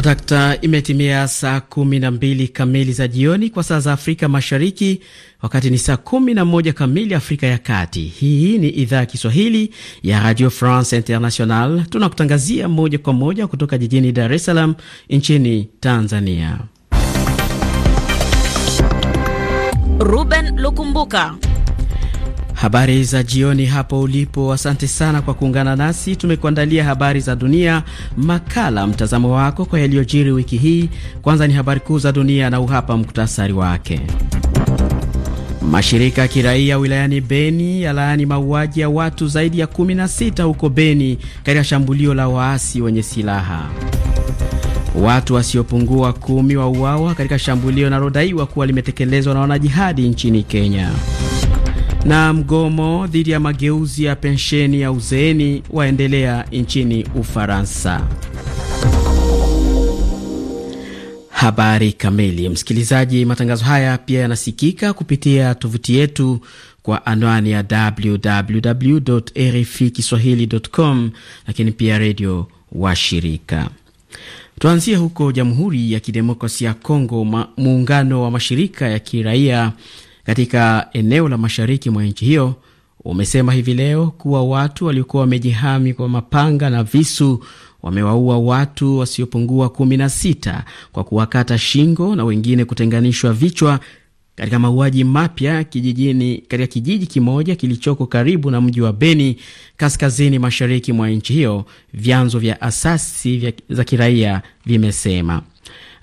dakta imetimia saa kumi na mbili kamili za jioni kwa saa za Afrika Mashariki, wakati ni saa kumi na moja kamili Afrika ya Kati. Hii ni idhaa ya Kiswahili ya Radio France International, tunakutangazia moja kwa moja kutoka jijini Dar es Salaam nchini Tanzania. Ruben Lukumbuka Habari za jioni hapo ulipo. Asante sana kwa kuungana nasi. Tumekuandalia habari za dunia, makala, mtazamo wako kwa yaliyojiri wiki hii. Kwanza ni habari kuu za dunia na uhapa muktasari wake. Mashirika ya kiraia wilayani Beni yalaani mauaji ya watu zaidi ya 16 huko Beni katika shambulio la waasi wenye silaha. Watu wasiopungua kumi wauawa katika shambulio linalodaiwa kuwa limetekelezwa na wanajihadi nchini Kenya. Na mgomo dhidi ya mageuzi ya pensheni ya uzeeni waendelea nchini Ufaransa. Habari kamili, msikilizaji. Matangazo haya pia yanasikika kupitia tovuti yetu kwa anwani ya www RFI kiswahilicom, lakini pia redio wa shirika. Tuanzie huko Jamhuri ya Kidemokrasia ya Kongo. Muungano wa mashirika ya kiraia katika eneo la mashariki mwa nchi hiyo umesema hivi leo kuwa watu waliokuwa wamejihami kwa mapanga na visu wamewaua watu wasiopungua kumi na sita kwa kuwakata shingo na wengine kutenganishwa vichwa katika mauaji mapya kijijini katika kijiji kimoja kilichoko karibu na mji wa Beni kaskazini mashariki mwa nchi hiyo, vyanzo vya asasi vya za kiraia vimesema.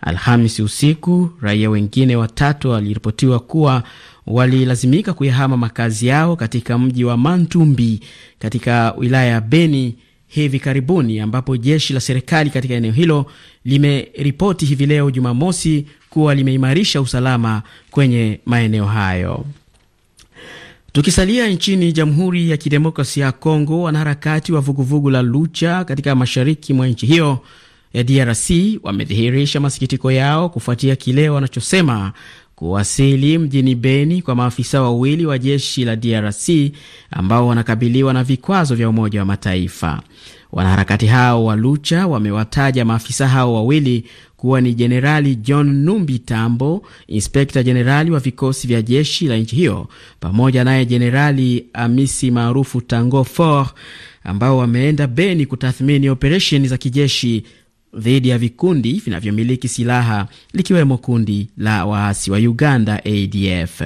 Alhamisi usiku raia wengine watatu waliripotiwa kuwa walilazimika kuyahama makazi yao katika mji wa Mantumbi katika wilaya ya Beni hivi karibuni, ambapo jeshi la serikali katika eneo hilo limeripoti hivi leo Jumamosi kuwa limeimarisha usalama kwenye maeneo hayo. Tukisalia nchini Jamhuri ya Kidemokrasia ya Kongo, wanaharakati wa vuguvugu la Lucha katika mashariki mwa nchi hiyo ya DRC wamedhihirisha masikitiko yao kufuatia kile wanachosema kuwasili mjini Beni kwa maafisa wawili wa jeshi la DRC ambao wanakabiliwa na vikwazo vya Umoja wa Mataifa. Wanaharakati hao wa Lucha wamewataja maafisa hao wawili kuwa ni Jenerali John Numbi Tambo, inspekta jenerali wa vikosi vya jeshi la nchi hiyo, pamoja naye Jenerali Amisi maarufu Tango Fort, ambao wameenda Beni kutathmini operesheni za kijeshi dhidi ya vikundi vinavyomiliki silaha likiwemo kundi la waasi wa Uganda ADF.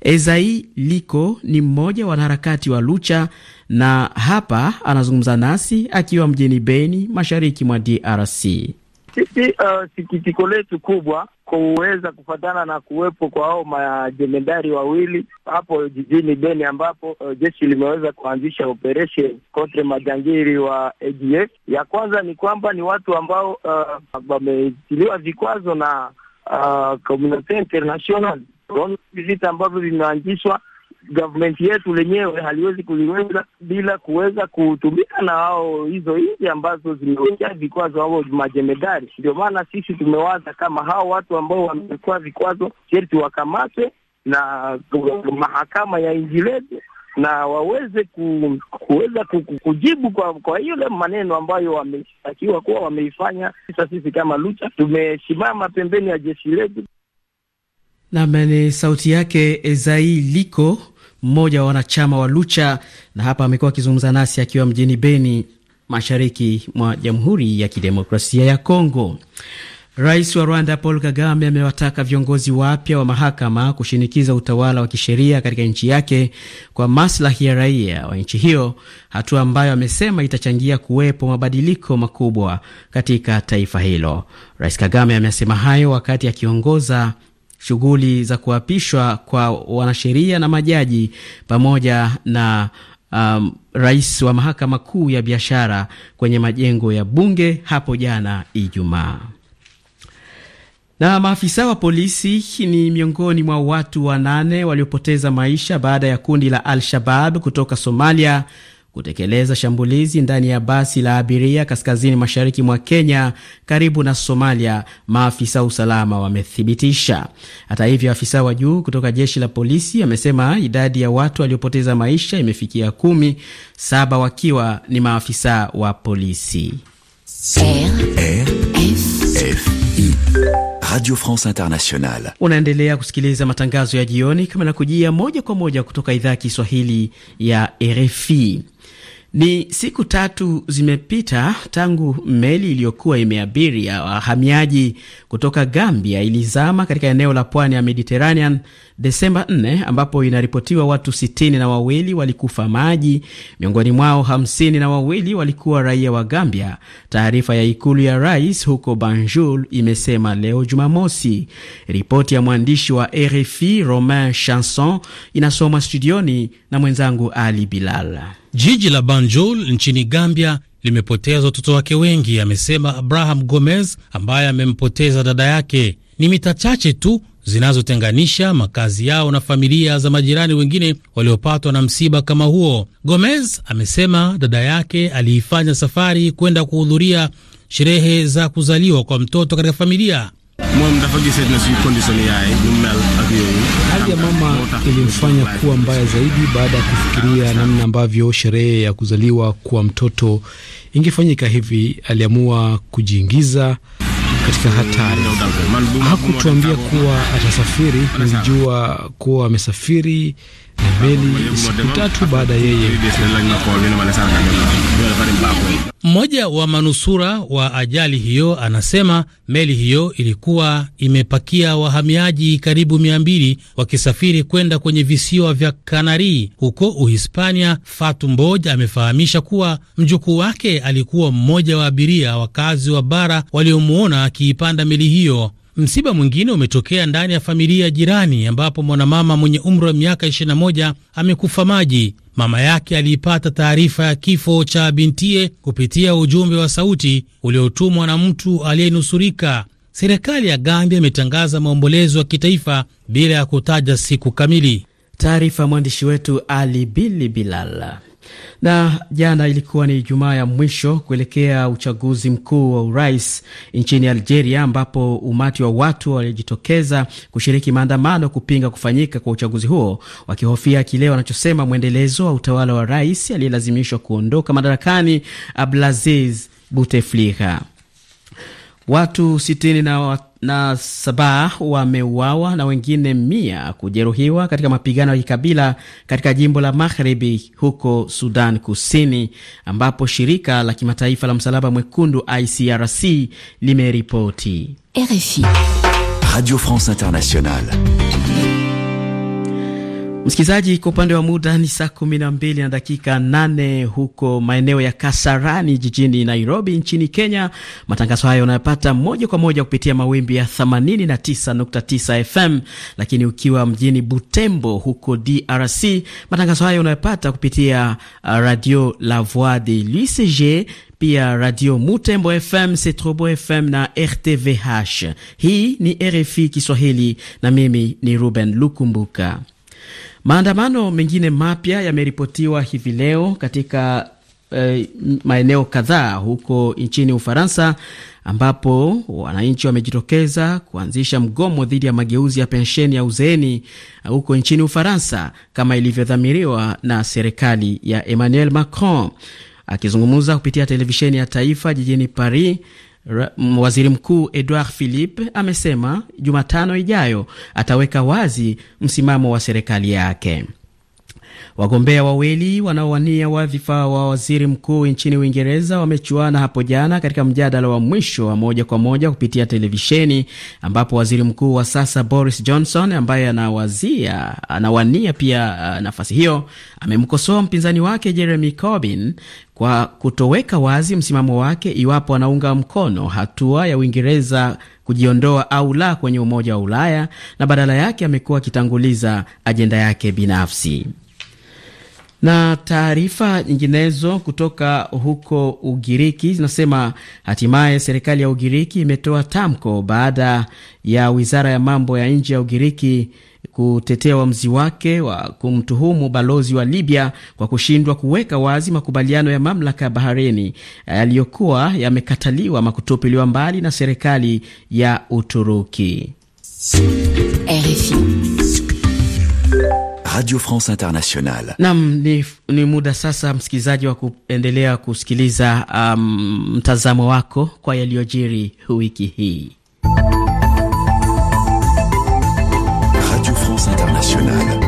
Ezai Liko ni mmoja wa wanaharakati wa Lucha na hapa anazungumza nasi akiwa mjini Beni, mashariki mwa DRC. Sisi uh, sikitiko letu kubwa kuweza kufatana na kuwepo kwa hao majemendari wawili hapo jijini Beni, ambapo uh, jeshi limeweza kuanzisha operation kontre majangiri wa ADF. Ya kwanza ni kwamba ni watu ambao uh, wametiliwa vikwazo na uh, community vita ambavyo vimeanzishwa government yetu lenyewe haliwezi kuliweza bila kuweza kutumika na hao hizo nchi ambazo zimewekea vikwazo hao majemedari. Ndio maana sisi tumewaza kama hao watu ambao wamekuwa vikwazo sherti wakamatwe na mahakama ya nchi letu na waweze ku, kuweza ku, kujibu kwa kwa yule maneno ambayo wameshtakiwa kuwa wameifanya. Sasa sisi kama Lucha tumesimama pembeni ya jeshi letu. Nam ni sauti yake Ezai Liko, mmoja wa wanachama wa Lucha, na hapa amekuwa akizungumza nasi akiwa mjini Beni, mashariki mwa Jamhuri ya Kidemokrasia ya Kongo. Rais wa Rwanda Paul Kagame amewataka viongozi wapya wa mahakama kushinikiza utawala wa kisheria katika nchi yake kwa maslahi ya raia wa nchi hiyo, hatua ambayo amesema itachangia kuwepo mabadiliko makubwa katika taifa hilo. Rais Kagame amesema hayo wakati akiongoza shughuli za kuapishwa kwa wanasheria na majaji pamoja na um, rais wa mahakama kuu ya biashara kwenye majengo ya bunge hapo jana Ijumaa. Na maafisa wa polisi ni miongoni mwa watu wanane waliopoteza maisha baada ya kundi la Al-Shabab kutoka Somalia kutekeleza shambulizi ndani ya basi la abiria kaskazini mashariki mwa Kenya karibu na Somalia, maafisa usalama wamethibitisha. Hata hivyo, afisa wa juu kutoka jeshi la polisi amesema idadi ya watu waliopoteza maisha imefikia kumi, saba wakiwa ni maafisa wa polisi. Radio France Internationale. Unaendelea kusikiliza matangazo ya jioni kama na kujia moja kwa moja kutoka idhaa ya Kiswahili ya RFI. Ni siku tatu zimepita tangu meli iliyokuwa imeabiri ya wahamiaji kutoka Gambia ilizama katika eneo la pwani ya Mediterranean Desemba 4 ambapo inaripotiwa watu sitini na wawili walikufa maji, miongoni mwao hamsini na wawili walikuwa raia wa Gambia. Taarifa ya ikulu ya rais huko Banjul imesema leo Jumamosi. Ripoti ya mwandishi wa RFI Romain Chanson inasoma studioni na mwenzangu Ali Bilal. Jiji la Banjul nchini Gambia limepoteza watoto wake wengi, amesema Abraham Gomez ambaye amempoteza dada yake. Ni mita chache tu zinazotenganisha makazi yao na familia za majirani wengine waliopatwa na msiba kama huo. Gomez amesema dada yake aliifanya safari kwenda kuhudhuria sherehe za kuzaliwa kwa mtoto katika familia Mom, ya mama ilimfanya kuwa mbaya zaidi baada ya kufikiria namna ambavyo sherehe ya kuzaliwa kwa mtoto ingefanyika hivi, aliamua kujiingiza katika hatari. Hakutuambia kuwa atasafiri, nilijua kuwa amesafiri meli siku tatu baada yeye. Mmoja wa manusura wa ajali hiyo anasema meli hiyo ilikuwa imepakia wahamiaji karibu mia mbili wakisafiri kwenda kwenye visiwa vya Kanari huko Uhispania. Fatu amefahamisha kuwa mjukuu wake alikuwa mmoja wa abiria wakazi wa bara waliomwona akiipanda meli hiyo. Msiba mwingine umetokea ndani ya familia jirani, ambapo mwanamama mwenye umri wa miaka 21 amekufa maji. Mama yake aliipata taarifa ya kifo cha bintie kupitia ujumbe wa sauti uliotumwa na mtu aliyenusurika. Serikali ya Gambia imetangaza maombolezo ya kitaifa bila ya kutaja siku kamili. Taarifa ya mwandishi wetu Ali Bili Bilal. Na jana ilikuwa ni Ijumaa ya mwisho kuelekea uchaguzi mkuu wa urais nchini Algeria, ambapo umati wa watu walijitokeza kushiriki maandamano kupinga kufanyika kwa uchaguzi huo, wakihofia kile wanachosema mwendelezo wa utawala wa rais aliyelazimishwa kuondoka madarakani Abdelaziz Bouteflika. Watu sitini na na saba wameuawa na wengine mia kujeruhiwa katika mapigano ya kikabila katika jimbo la magharibi huko Sudan Kusini, ambapo shirika la kimataifa la msalaba mwekundu ICRC limeripoti. RFI Radio France Internationale Msikilizaji, kwa upande wa muda ni saa kumi na mbili na dakika nane huko maeneo ya Kasarani jijini Nairobi nchini Kenya. Matangazo hayo unayopata moja kwa moja kupitia mawimbi ya 89.9 FM, lakini ukiwa mjini Butembo huko DRC, matangazo hayo unayopata kupitia uh, Radio La Voix de l'UCG, pia Radio Mutembo FM, Setrobo FM na RTVH. Hii ni RFI Kiswahili na mimi ni Ruben Lukumbuka. Maandamano mengine mapya yameripotiwa hivi leo katika eh, maeneo kadhaa huko nchini Ufaransa ambapo wananchi wamejitokeza kuanzisha mgomo dhidi ya mageuzi ya pensheni ya uzeeni huko nchini Ufaransa kama ilivyodhamiriwa na serikali ya Emmanuel Macron. Akizungumza kupitia televisheni ya taifa jijini Paris, Waziri Mkuu Edouard Philippe amesema Jumatano ijayo ataweka wazi msimamo wa serikali yake. Wagombea wawili wanaowania wadhifa wa waziri mkuu nchini Uingereza wamechuana hapo jana katika mjadala wa mwisho wa moja kwa moja kupitia televisheni, ambapo waziri mkuu wa sasa Boris Johnson ambaye anawazia anawania pia uh, nafasi hiyo amemkosoa mpinzani wake Jeremy Corbyn kwa kutoweka wazi msimamo wake iwapo anaunga mkono hatua ya Uingereza kujiondoa au la kwenye Umoja wa Ulaya, na badala yake amekuwa akitanguliza ajenda yake binafsi. Na taarifa nyinginezo kutoka huko Ugiriki zinasema hatimaye serikali ya Ugiriki imetoa tamko baada ya wizara ya mambo ya nje ya Ugiriki kutetea uamuzi wake wa kumtuhumu balozi wa Libya kwa kushindwa kuweka wazi makubaliano ya mamlaka ya bahareni yaliyokuwa yamekataliwa ama kutupiliwa mbali na serikali ya Uturuki. RFI. Radio France Internationale. Naam, ni, ni muda sasa msikilizaji wa kuendelea kusikiliza um, mtazamo wako kwa yaliyojiri wiki hii. Radio France Internationale.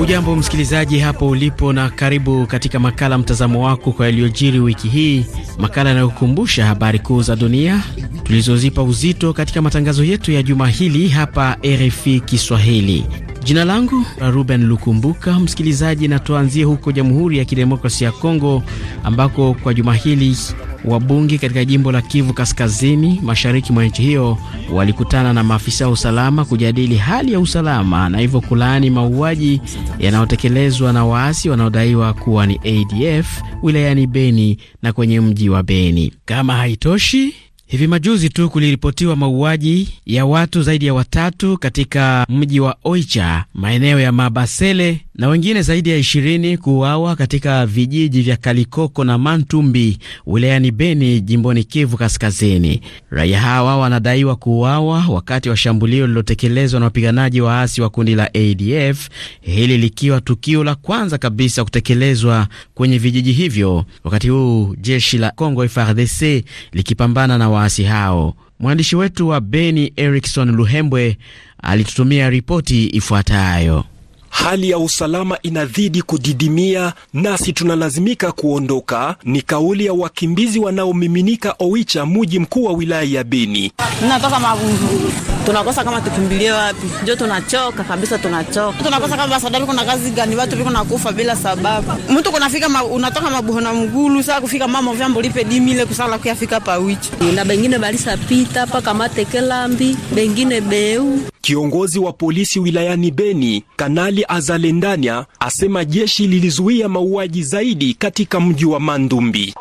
Ujambo msikilizaji hapo ulipo, na karibu katika makala mtazamo wako kwa yaliyojiri wiki hii, makala yanayokumbusha habari kuu za dunia tulizozipa uzito katika matangazo yetu ya juma hili hapa RFI Kiswahili. Jina langu Ruben Lukumbuka, msikilizaji, na tuanzie huko Jamhuri ya Kidemokrasia ya Kongo ambako kwa juma hili wabunge katika jimbo la Kivu Kaskazini, mashariki mwa nchi hiyo walikutana na maafisa wa usalama kujadili hali ya usalama na hivyo kulaani mauaji yanayotekelezwa na waasi wanaodaiwa kuwa ni ADF wilayani Beni na kwenye mji wa Beni. Kama haitoshi, Hivi majuzi tu kuliripotiwa mauaji ya watu zaidi ya watatu katika mji wa Oicha, maeneo ya Mabasele na wengine zaidi ya ishirini kuuawa katika vijiji vya Kalikoko na Mantumbi wilayani Beni jimboni Kivu Kaskazini. Raia hawa wanadaiwa kuuawa wakati wa shambulio lililotekelezwa na wapiganaji waasi wa, wa kundi la ADF, hili likiwa tukio la kwanza kabisa kutekelezwa kwenye vijiji hivyo, wakati huu jeshi la Congo FARDC likipambana na waasi hao. Mwandishi wetu wa Beni Erikson Luhembwe alitutumia ripoti ifuatayo hali ya usalama inazidi kudidimia, nasi tunalazimika kuondoka, ni kauli ya wakimbizi wanaomiminika Oicha, muji mkuu wa wilaya ya Beni. Tunatoka Mavumvuru, tunakosa kama tukimbilie wapi, njo tunachoka kabisa, tunachoka, tunakosa kama basadabi, kuna kazi gani? Watu viko nakufa bila sababu, mtu kunafika ma, unatoka mabuho na mgulu saa kufika mama vyambo lipe dimi ile kusala kuyafika pa pawichi na bengine balisa pita paka matekelambi bengine beu Kiongozi wa polisi wilayani Beni, Kanali Azalendania, asema jeshi lilizuia mauaji zaidi katika mji wa Mandumbi.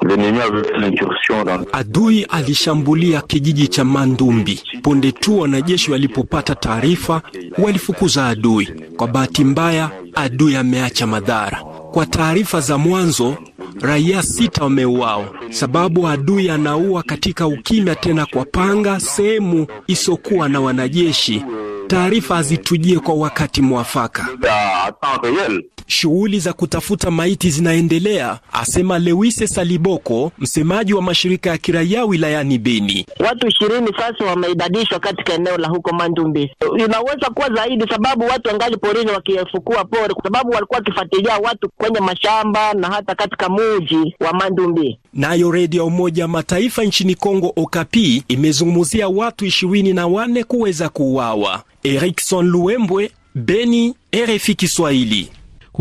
Adui alishambulia kijiji cha Mandumbi. Punde tu wanajeshi walipopata taarifa, walifukuza adui. Kwa bahati mbaya, adui ameacha madhara. Kwa taarifa za mwanzo, raia sita wameuawa, sababu adui anaua katika ukimya, tena kwa panga, sehemu isokuwa na wanajeshi. Taarifa hazitujie kwa wakati mwafaka. Shughuli za kutafuta maiti zinaendelea, asema Lewise Saliboko, msemaji wa mashirika ya kiraia wilayani Beni. Watu ishirini sasa wameibadishwa katika eneo la huko Mandumbi. Inaweza kuwa zaidi, sababu watu wangali porini wakifukua pori, kwa sababu walikuwa wakifuatilia watu kwenye mashamba na hata katika muji wa Mandumbi. Nayo redio ya Umoja Mataifa nchini Kongo Okapi imezungumzia watu ishirini na wane kuweza kuuawa. Erikson Luembwe, Beni, RFI Kiswahili.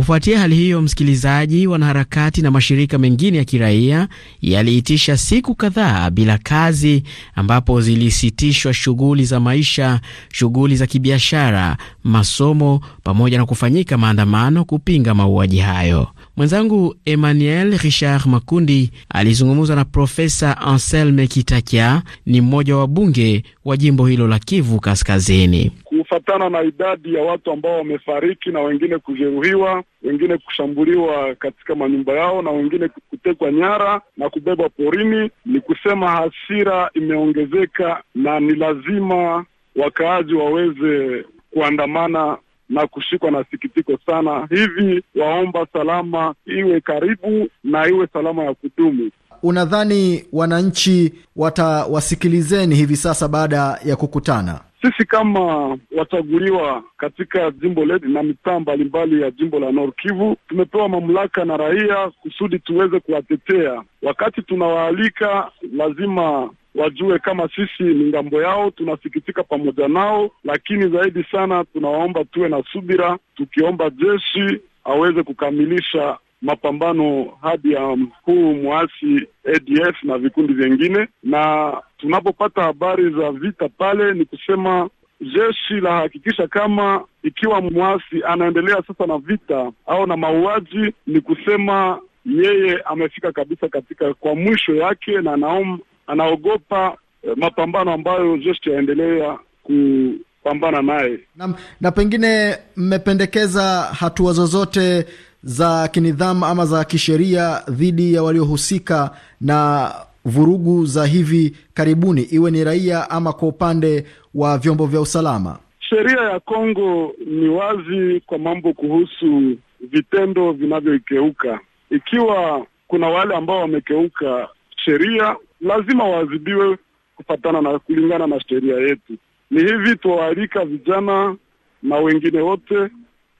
Kufuatia hali hiyo, msikilizaji, wanaharakati na mashirika mengine ya kiraia yaliitisha siku kadhaa bila kazi, ambapo zilisitishwa shughuli za maisha, shughuli za kibiashara, masomo pamoja na kufanyika maandamano kupinga mauaji hayo. Mwenzangu Emmanuel Richard Makundi alizungumza na Profesa Anselme Kitakia, ni mmoja wa bunge wa jimbo hilo la Kivu Kaskazini. Kufatana na idadi ya watu ambao wamefariki na wengine kujeruhiwa, wengine kushambuliwa katika manyumba yao na wengine kutekwa nyara na kubebwa porini, ni kusema hasira imeongezeka na ni lazima wakaaji waweze kuandamana na kushikwa na sikitiko sana hivi. Waomba salama iwe karibu na iwe salama ya kudumu. Unadhani wananchi watawasikilizeni hivi sasa baada ya kukutana? Sisi kama wachaguliwa katika jimbo letu na mitaa mbalimbali ya jimbo la Nord Kivu tumepewa mamlaka na raia kusudi tuweze kuwatetea. Wakati tunawaalika lazima wajue kama sisi ni ngambo yao, tunasikitika pamoja nao, lakini zaidi sana tunawaomba tuwe na subira, tukiomba jeshi aweze kukamilisha mapambano hadi ya huu mwasi ADF na vikundi vyengine. Na tunapopata habari za vita pale, ni kusema jeshi la hakikisha kama ikiwa mwasi anaendelea sasa na vita au na mauaji, ni kusema yeye amefika kabisa katika kwa mwisho yake, na anaomba anaogopa eh, mapambano ambayo jeshi yaendelea kupambana naye na, na pengine mmependekeza hatua zozote za kinidhamu ama za kisheria dhidi ya waliohusika na vurugu za hivi karibuni, iwe ni raia ama kwa upande wa vyombo vya usalama. Sheria ya Kongo ni wazi kwa mambo kuhusu vitendo vinavyoikeuka. Ikiwa kuna wale ambao wamekeuka sheria, lazima waadhibiwe kufatana na kulingana na sheria yetu. Ni hivi tuwaalika vijana na wengine wote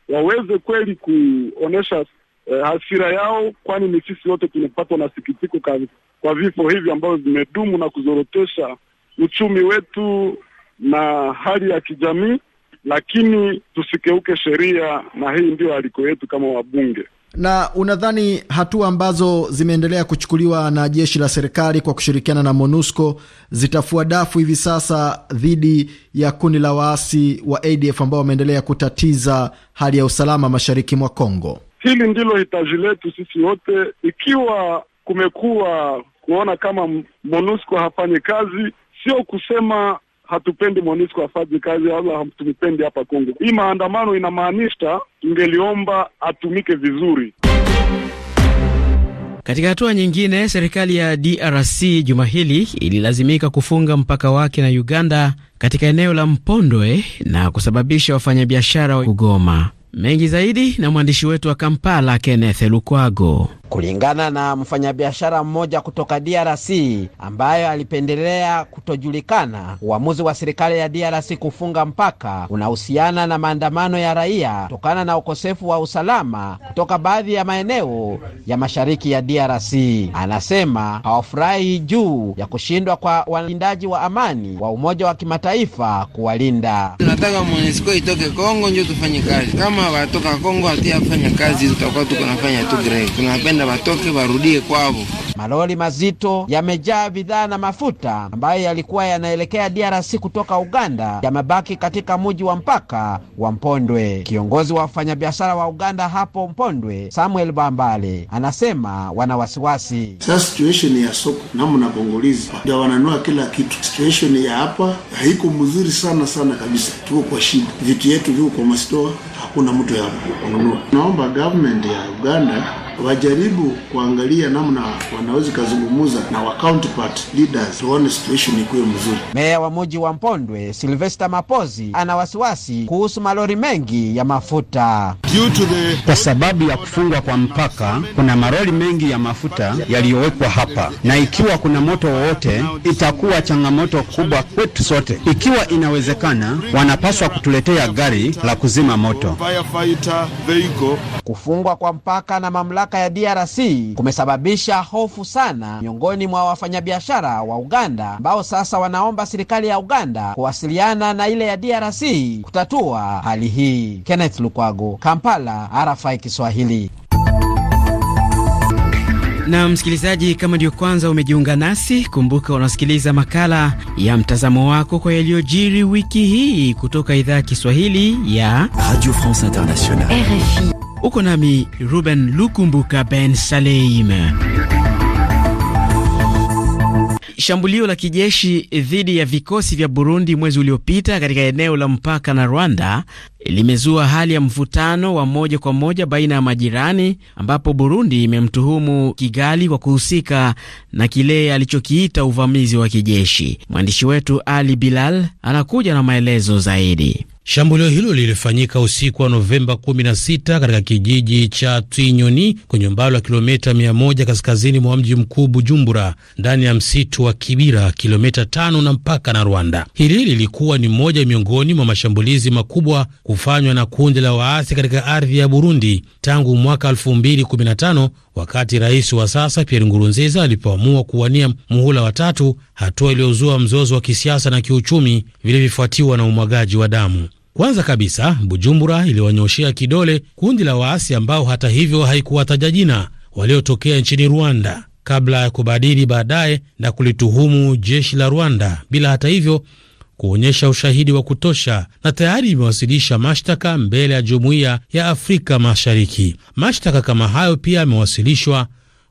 waweze kweli kuonesha eh, hasira yao, kwani ni sisi wote tumepatwa na sikitiko kwa vifo hivi ambavyo vimedumu na kuzorotesha uchumi wetu na hali ya kijamii, lakini tusikeuke sheria, na hii ndio aliko yetu kama wabunge. Na unadhani hatua ambazo zimeendelea kuchukuliwa na jeshi la serikali kwa kushirikiana na MONUSCO zitafua dafu hivi sasa dhidi ya kundi la waasi wa ADF ambao wameendelea kutatiza hali ya usalama mashariki mwa Kongo? Hili ndilo hitaji letu sisi wote. Ikiwa kumekuwa kuona kama MONUSCO hafanyi kazi, sio kusema hatupendi MONUSCO afanye kazi wala hatupendi hapa Kongo. Hii maandamano inamaanisha, tungeliomba atumike vizuri. Katika hatua nyingine, serikali ya DRC juma hili ililazimika kufunga mpaka wake na Uganda katika eneo la Mpondwe na kusababisha wafanyabiashara kugoma. Mengi zaidi na mwandishi wetu wa Kampala Kenneth Lukwago kulingana na mfanyabiashara mmoja kutoka DRC ambayo alipendelea kutojulikana. Uamuzi wa serikali ya DRC kufunga mpaka unahusiana na maandamano ya raia kutokana na ukosefu wa usalama kutoka baadhi ya maeneo ya mashariki ya DRC. Anasema hawafurahi juu ya kushindwa kwa walindaji wa amani wa Umoja wa Kimataifa kuwalinda. Tunataka MONUSCO itoke Kongo ndio tufanye kazi, kama watoka Kongo hatiafanya kazi, tutakuwa tuko tu greve tunapenda wanaenda watoke warudie kwao. Malori mazito yamejaa bidhaa na mafuta ambayo yalikuwa yanaelekea DRC kutoka Uganda yamebaki katika muji wa mpaka wa Mpondwe. Kiongozi wa wafanyabiashara wa Uganda hapo Mpondwe, Samuel Bambale, anasema wana wasiwasi. Sasa situation ya soko namu na bongolizi ndio wananua kila kitu. Situation ya hapa haiko mzuri sana sana kabisa, tuko kwa shida, vitu yetu viko kwa mastoa, hakuna mtu ya kununua. Naomba government ya Uganda wajaribu kuangalia namna wana zinaweza ikazungumuza na wa counterpart leaders tuone situation ikuwe mzuri. Meya wa muji wa Mpondwe Sylvester Mapozi ana wasiwasi kuhusu malori mengi ya mafuta the... kwa sababu ya kufungwa kwa mpaka, kuna malori mengi ya mafuta yaliyowekwa hapa, na ikiwa kuna moto wowote itakuwa changamoto kubwa kwetu sote. Ikiwa inawezekana, wanapaswa kutuletea gari la kuzima moto. Kufungwa kwa mpaka na mamlaka ya DRC kumesababisha hofu maarufu sana miongoni mwa wafanyabiashara wa Uganda ambao sasa wanaomba serikali ya Uganda kuwasiliana na ile ya DRC kutatua hali hii. Kenneth Lukwago, Kampala, RFI Kiswahili. Na msikilizaji, kama ndiyo kwanza umejiunga nasi, kumbuka unasikiliza makala ya mtazamo wako kwa yaliyojiri wiki hii kutoka idhaa ya Kiswahili ya Radio France Internationale, RFI. Uko nami Ruben Lukumbuka Ben Saleim. Shambulio la kijeshi dhidi ya vikosi vya Burundi mwezi uliopita katika eneo la mpaka na Rwanda limezua hali ya mvutano wa moja kwa moja baina ya majirani, ambapo Burundi imemtuhumu Kigali kwa kuhusika na kile alichokiita uvamizi wa kijeshi. Mwandishi wetu Ali Bilal anakuja na maelezo zaidi. Shambulio hilo lilifanyika usiku wa Novemba 16 katika kijiji cha Twinyoni kwenye umbali wa kilomita 100 kaskazini mwa mji mkuu Bujumbura, ndani ya msitu wa Kibira, kilomita 5 na mpaka na Rwanda. Hili lilikuwa ni moja miongoni mwa mashambulizi makubwa kufanywa na kundi la waasi katika ardhi ya Burundi tangu mwaka 2015 wakati rais wa sasa Pierre Ngurunziza alipoamua kuwania muhula wa tatu, hatua iliyozua mzozo wa kisiasa na kiuchumi vilivyofuatiwa na umwagaji wa damu. Kwanza kabisa, Bujumbura iliwanyoshea kidole kundi la waasi ambao hata hivyo haikuwataja jina, waliotokea nchini Rwanda kabla ya kubadili baadaye na kulituhumu jeshi la Rwanda bila hata hivyo kuonyesha ushahidi wa kutosha, na tayari imewasilisha mashtaka mbele ya jumuiya ya Afrika Mashariki. Mashtaka kama hayo pia yamewasilishwa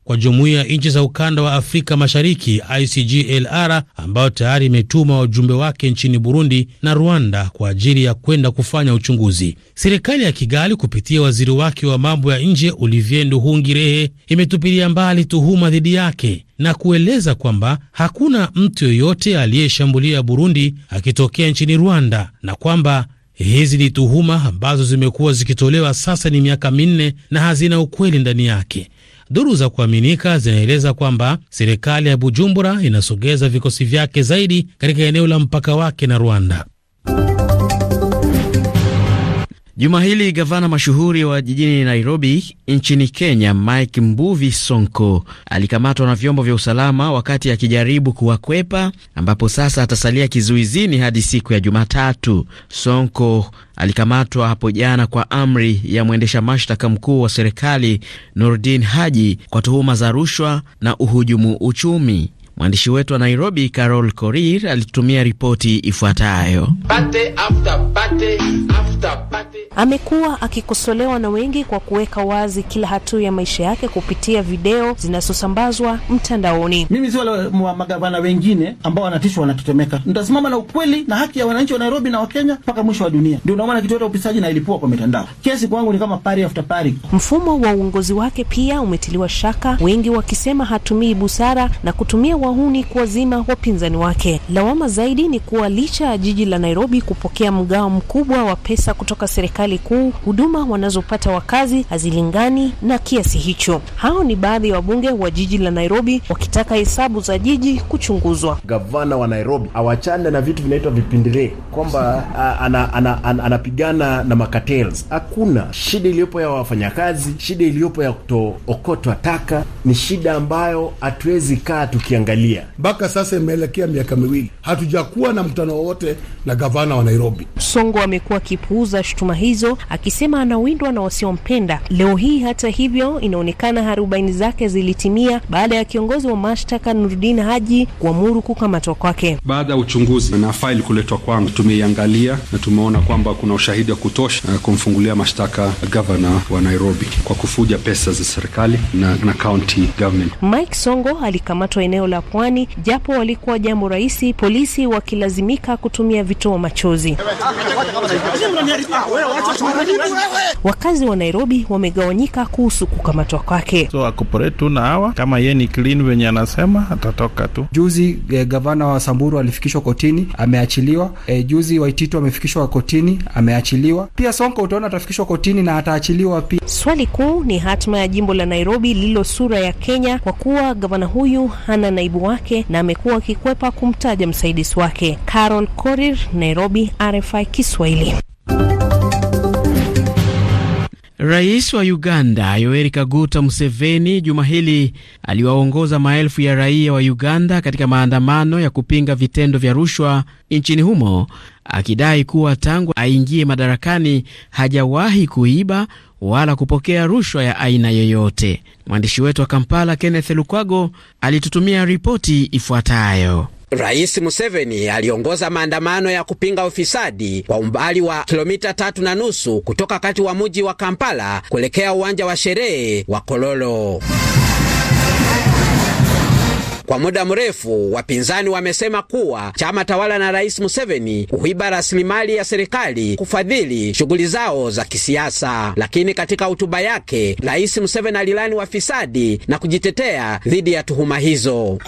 kwa jumuiya ya nchi za ukanda wa Afrika Mashariki ICGLR ambayo tayari imetuma wajumbe wake nchini Burundi na Rwanda kwa ajili ya kwenda kufanya uchunguzi. Serikali ya Kigali kupitia waziri wake wa mambo ya nje Olivier Nduhungirehe imetupilia mbali tuhuma dhidi yake na kueleza kwamba hakuna mtu yoyote aliyeshambulia Burundi akitokea nchini Rwanda na kwamba hizi ni tuhuma ambazo zimekuwa zikitolewa sasa ni miaka minne na hazina ukweli ndani yake. Duru za kuaminika zinaeleza kwamba serikali ya Bujumbura inasogeza vikosi vyake zaidi katika eneo la mpaka wake na Rwanda. Juma hili gavana mashuhuri wa jijini Nairobi nchini Kenya, Mike Mbuvi Sonko alikamatwa na vyombo vya usalama wakati akijaribu kuwakwepa, ambapo sasa atasalia kizuizini hadi siku ya Jumatatu. Sonko alikamatwa hapo jana kwa amri ya mwendesha mashtaka mkuu wa serikali Nordin Haji kwa tuhuma za rushwa na uhujumu uchumi. Mwandishi wetu wa Nairobi, Carol Korir, alitumia ripoti ifuatayo. Amekuwa akikosolewa na wengi kwa kuweka wazi kila hatua ya maisha yake kupitia video zinazosambazwa mtandaoni. Mimi si wale wa magavana wengine ambao wanatishwa wanatetemeka. Nitasimama na ukweli na haki ya wananchi wa Nairobi na Wakenya mpaka mwisho wa dunia. Ndio naona kitu upisaji na ilipua kwa mitandao. Kesi kwangu ni kama pari after pari. Mfumo wa uongozi wake pia umetiliwa shaka, wengi wakisema hatumii busara na kutumia wa wahuni kuwazima wapinzani wake. Lawama zaidi ni kuwa licha ya jiji la Nairobi kupokea mgao mkubwa wa pesa kutoka serikali kuu, huduma wanazopata wakazi hazilingani na kiasi hicho. Hao ni baadhi ya wabunge wa jiji la Nairobi wakitaka hesabu za jiji kuchunguzwa. Gavana wa Nairobi awachane na vitu vinaitwa vipindiree, kwamba anapigana ana, ana, ana na makatels. Hakuna shida iliyopo ya wafanyakazi, shida iliyopo ya kutookotwa taka ni shida ambayo hatuwezi kaa tukiangalia kuangalia. Mpaka sasa imeelekea miaka miwili, hatujakuwa na mkutano wowote na gavana wa Nairobi. Songo amekuwa akipuuza shutuma hizo, akisema anawindwa na wasiompenda. Leo hii hata hivyo, inaonekana harubaini zake zilitimia baada ya kiongozi wa mashtaka Nurdin Haji kuamuru kukamatwa kwake. Baada ya uchunguzi na faili kuletwa kwangu, tumeiangalia na tumeona kwamba kuna ushahidi wa kutosha eh, kumfungulia mashtaka gavana wa Nairobi kwa kufuja pesa za serikali na, na county government. Mike Songo alikamatwa eneo la Pwani, japo walikuwa jambo rahisi, polisi wakilazimika kutumia vitoa machozi. Wakazi wa Nairobi wamegawanyika kuhusu kukamatwa kwake. So akopore tu na hawa kama yeye ni clean venye anasema atatoka tu. Juzi eh, gavana wa Samburu alifikishwa kotini ameachiliwa. Eh, juzi Waititu amefikishwa kotini ameachiliwa. Pia Sonko utaona atafikishwa kotini na ataachiliwa pia. Swali kuu ni hatma ya jimbo la Nairobi lililo sura ya Kenya kwa kuwa gavana huyu hana naibu naibu wake na amekuwa akikwepa kumtaja msaidizi wake. Carol Korir, Nairobi, RFI Kiswahili. Rais wa Uganda Yoweri Kaguta Museveni juma hili aliwaongoza maelfu ya raia wa Uganda katika maandamano ya kupinga vitendo vya rushwa nchini humo, akidai kuwa tangu aingie madarakani hajawahi kuiba wala kupokea rushwa ya aina yoyote. Mwandishi wetu wa Kampala, Kenneth Lukwago, alitutumia ripoti ifuatayo. Rais Museveni aliongoza maandamano ya kupinga ufisadi kwa umbali wa kilomita tatu na nusu kutoka kati wa mji wa Kampala kuelekea uwanja wa sherehe wa Kololo. Kwa muda mrefu wapinzani wamesema kuwa chama tawala na Rais Museveni huiba rasilimali ya serikali kufadhili shughuli zao za kisiasa, lakini katika hotuba yake Rais Museveni alilani wafisadi na kujitetea dhidi ya tuhuma hizo.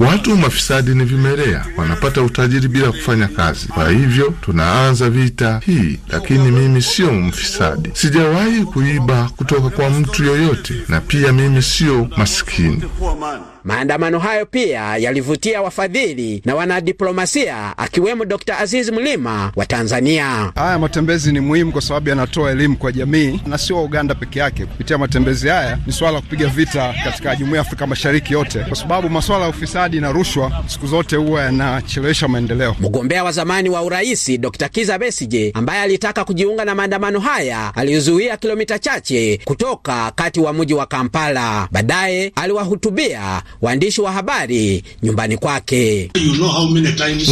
Watu mafisadi ni vimelea, wanapata utajiri bila kufanya kazi. Kwa hivyo tunaanza vita hii, lakini mimi sio mfisadi, sijawahi kuiba kutoka kwa mtu yoyote, na pia mimi sio maskini. one. Maandamano hayo pia yalivutia wafadhili na wanadiplomasia akiwemo Dr. Aziz Mlima wa Tanzania. Haya matembezi ni muhimu kwa sababu yanatoa elimu kwa jamii na sio Uganda peke yake. Kupitia matembezi haya ni swala la kupiga vita katika Jumuiya ya Afrika Mashariki yote, kwa sababu masuala ya ufisadi na rushwa siku zote huwa yanachelewesha maendeleo. Mgombea wa zamani wa urais Dr. Kiza Besije ambaye alitaka kujiunga na maandamano haya alizuia kilomita chache kutoka kati wa mji wa Kampala. Baadaye aliwahutubia waandishi wa habari nyumbani kwake.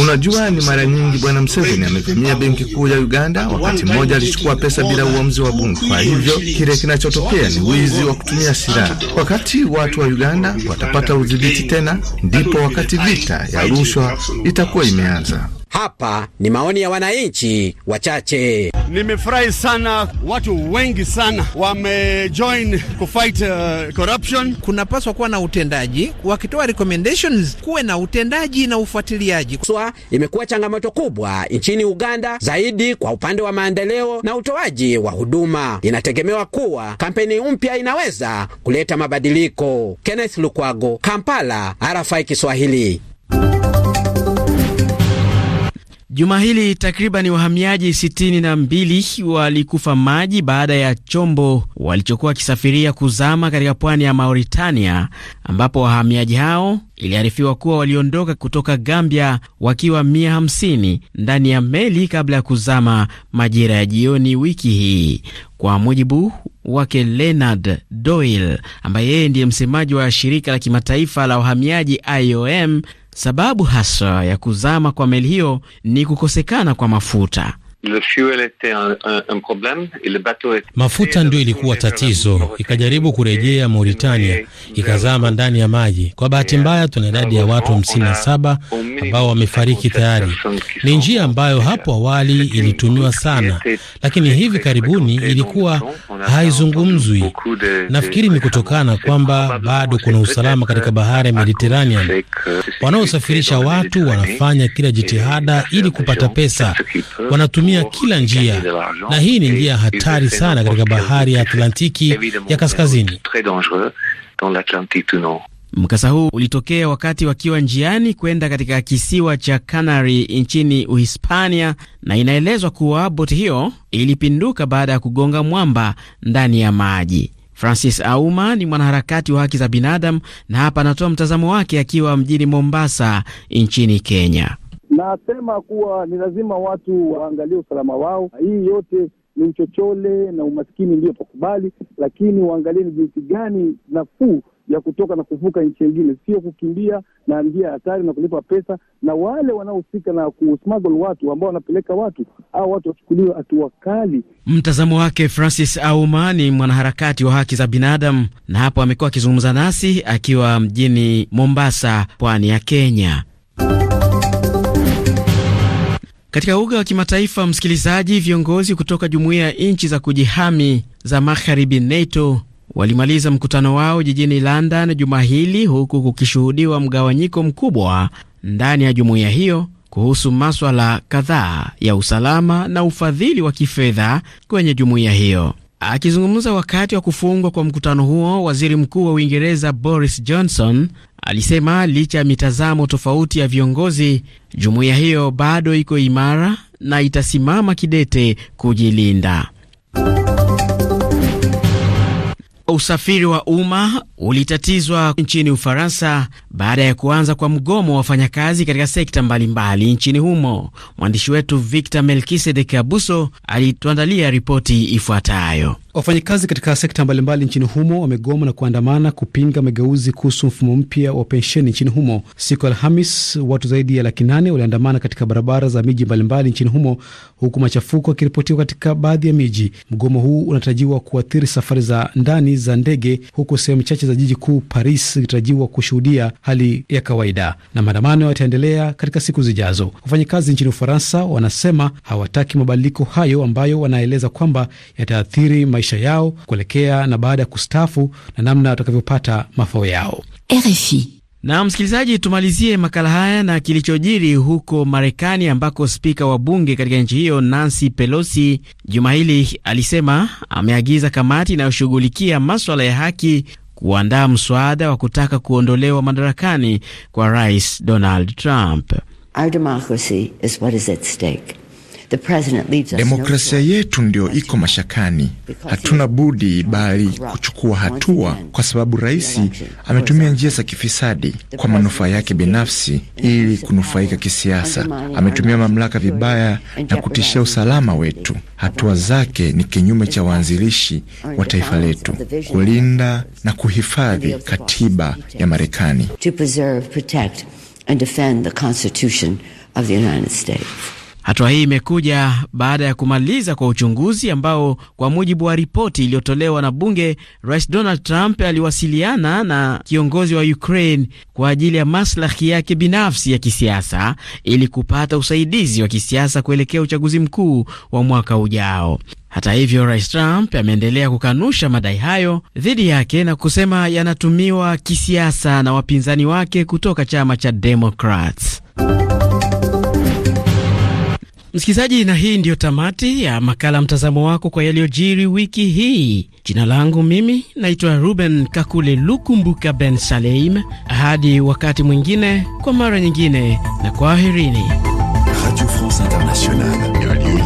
Unajua, ni mara nyingi Bwana Mseveni amevamia benki kuu ya Uganda. Wakati mmoja alichukua pesa bila uamuzi wa bunge. Kwa hivyo kile kinachotokea ni wizi wa kutumia silaha. Wakati watu wa Uganda watapata udhibiti tena, ndipo wakati vita ya rushwa itakuwa imeanza. Hapa ni maoni ya wananchi wachache. Nimefurahi sana, watu wengi sana wamejoin kufight uh, corruption. Kunapaswa kuwa na utendaji, wakitoa recommendations kuwe na utendaji na ufuatiliaji. Swa imekuwa changamoto kubwa nchini Uganda, zaidi kwa upande wa maendeleo na utoaji wa huduma. Inategemewa kuwa kampeni mpya inaweza kuleta mabadiliko. Kenneth Lukwago, Kampala, RFI Kiswahili. Juma hili takriban wahamiaji sitini na mbili walikufa maji baada ya chombo walichokuwa wakisafiria kuzama katika pwani ya Mauritania, ambapo wahamiaji hao iliarifiwa kuwa waliondoka kutoka Gambia wakiwa hamsini ndani ya meli kabla ya kuzama majira ya jioni wiki hii, kwa mujibu wake Leonard Doyle ambaye yeye ndiye msemaji wa shirika la kimataifa la wahamiaji IOM Sababu haswa ya kuzama kwa meli hiyo ni kukosekana kwa mafuta. Le fuel était un, un, un problème, le bateau était... mafuta ndio ilikuwa tatizo, ikajaribu kurejea Mauritania ikazama ndani ya maji. Kwa bahati mbaya, tuna idadi ya watu hamsini na saba ambao wamefariki tayari. Ni njia ambayo hapo awali ilitumiwa sana, lakini hivi karibuni ilikuwa haizungumzwi. Nafikiri ni kutokana kwamba bado kuna usalama katika bahari ya mediteranean Wanaosafirisha watu wanafanya kila jitihada ili kupata pesa, wanatumia kutumia kila njia, na hii ni njia hatari sana katika bahari ya Atlantiki ya kaskazini. Mkasa huu ulitokea wakati wakiwa njiani kwenda katika kisiwa cha Canary nchini Uhispania, na inaelezwa kuwa boti hiyo ilipinduka baada ya kugonga mwamba ndani ya maji. Francis Auma ni mwanaharakati wa haki za binadamu na hapa anatoa mtazamo wake akiwa mjini Mombasa nchini Kenya. Nasema kuwa ni lazima watu waangalie usalama wao. Hii yote ni uchochole na umaskini ndio pakubali, lakini waangalie ni jinsi gani nafuu ya kutoka na kuvuka nchi nyingine, sio kukimbia na njia ya hatari na kulipa pesa. Na wale wanaohusika na kusmuggle watu ambao wanapeleka watu au watu wachukuliwe hatua kali. Mtazamo wake Francis Auma ni mwanaharakati wa haki za binadamu, na hapo amekuwa akizungumza nasi akiwa mjini Mombasa, pwani ya Kenya. Katika uga wa kimataifa, msikilizaji, viongozi kutoka jumuiya ya nchi za kujihami za magharibi NATO walimaliza mkutano wao jijini London juma hili, huku kukishuhudiwa mgawanyiko mkubwa ndani ya jumuiya hiyo kuhusu maswala kadhaa ya usalama na ufadhili wa kifedha kwenye jumuiya hiyo. Akizungumza wakati wa kufungwa kwa mkutano huo, waziri mkuu wa Uingereza Boris Johnson Alisema licha ya mitazamo tofauti ya viongozi, jumuiya hiyo bado iko imara na itasimama kidete kujilinda. Usafiri wa umma ulitatizwa nchini Ufaransa baada ya kuanza kwa mgomo wa wafanyakazi katika sekta mbalimbali mbali nchini humo. Mwandishi wetu Victor Melkisedek Abuso alituandalia ripoti ifuatayo. Wafanyakazi katika sekta mbalimbali nchini humo wamegoma na kuandamana kupinga mageuzi kuhusu mfumo mpya wa pensheni nchini humo. Siku ya Alhamis, watu zaidi ya laki nane waliandamana katika barabara za miji mbalimbali nchini humo, huku machafuko yakiripotiwa katika baadhi ya miji. Mgomo huu unatarajiwa kuathiri safari za ndani za ndege, huku sehemu chache za jiji kuu Paris ikitarajiwa kushuhudia hali ya kawaida, na maandamano yataendelea katika siku zijazo. Wafanyakazi nchini Ufaransa wanasema hawataki mabadiliko hayo ambayo wanaeleza kwamba yataathiri maisha maisha yao kuelekea na baada ya kustafu na namna watakavyopata mafao yao. RFI. Na msikilizaji, tumalizie makala haya na kilichojiri huko Marekani, ambako spika wa bunge katika nchi hiyo Nancy Pelosi juma hili alisema ameagiza kamati inayoshughulikia maswala ya haki kuandaa mswada wa kutaka kuondolewa madarakani kwa Rais Donald Trump. Our democracy is what is at stake. Demokrasia yetu ndio iko mashakani, hatuna budi bali kuchukua hatua, kwa sababu rais ametumia njia za kifisadi kwa manufaa yake binafsi ili kunufaika kisiasa. Ametumia mamlaka vibaya na kutishia usalama wetu. Hatua zake ni kinyume cha waanzilishi wa taifa letu, kulinda na kuhifadhi katiba ya Marekani. Hatua hii imekuja baada ya kumaliza kwa uchunguzi ambao kwa mujibu wa ripoti iliyotolewa na bunge, Rais Donald Trump aliwasiliana na kiongozi wa Ukraine kwa ajili ya maslahi yake binafsi ya kisiasa ili kupata usaidizi wa kisiasa kuelekea uchaguzi mkuu wa mwaka ujao. Hata hivyo, Rais Trump ameendelea kukanusha madai hayo dhidi yake na kusema yanatumiwa kisiasa na wapinzani wake kutoka chama cha Democrats. Msikilizaji, na hii ndiyo tamati ya makala mtazamo wako kwa yaliyojiri wiki hii. Jina langu mimi naitwa Ruben Kakule Lukumbuka Ben Saleim. Hadi wakati mwingine, kwa mara nyingine, na kwaherini. Radio France Internationale,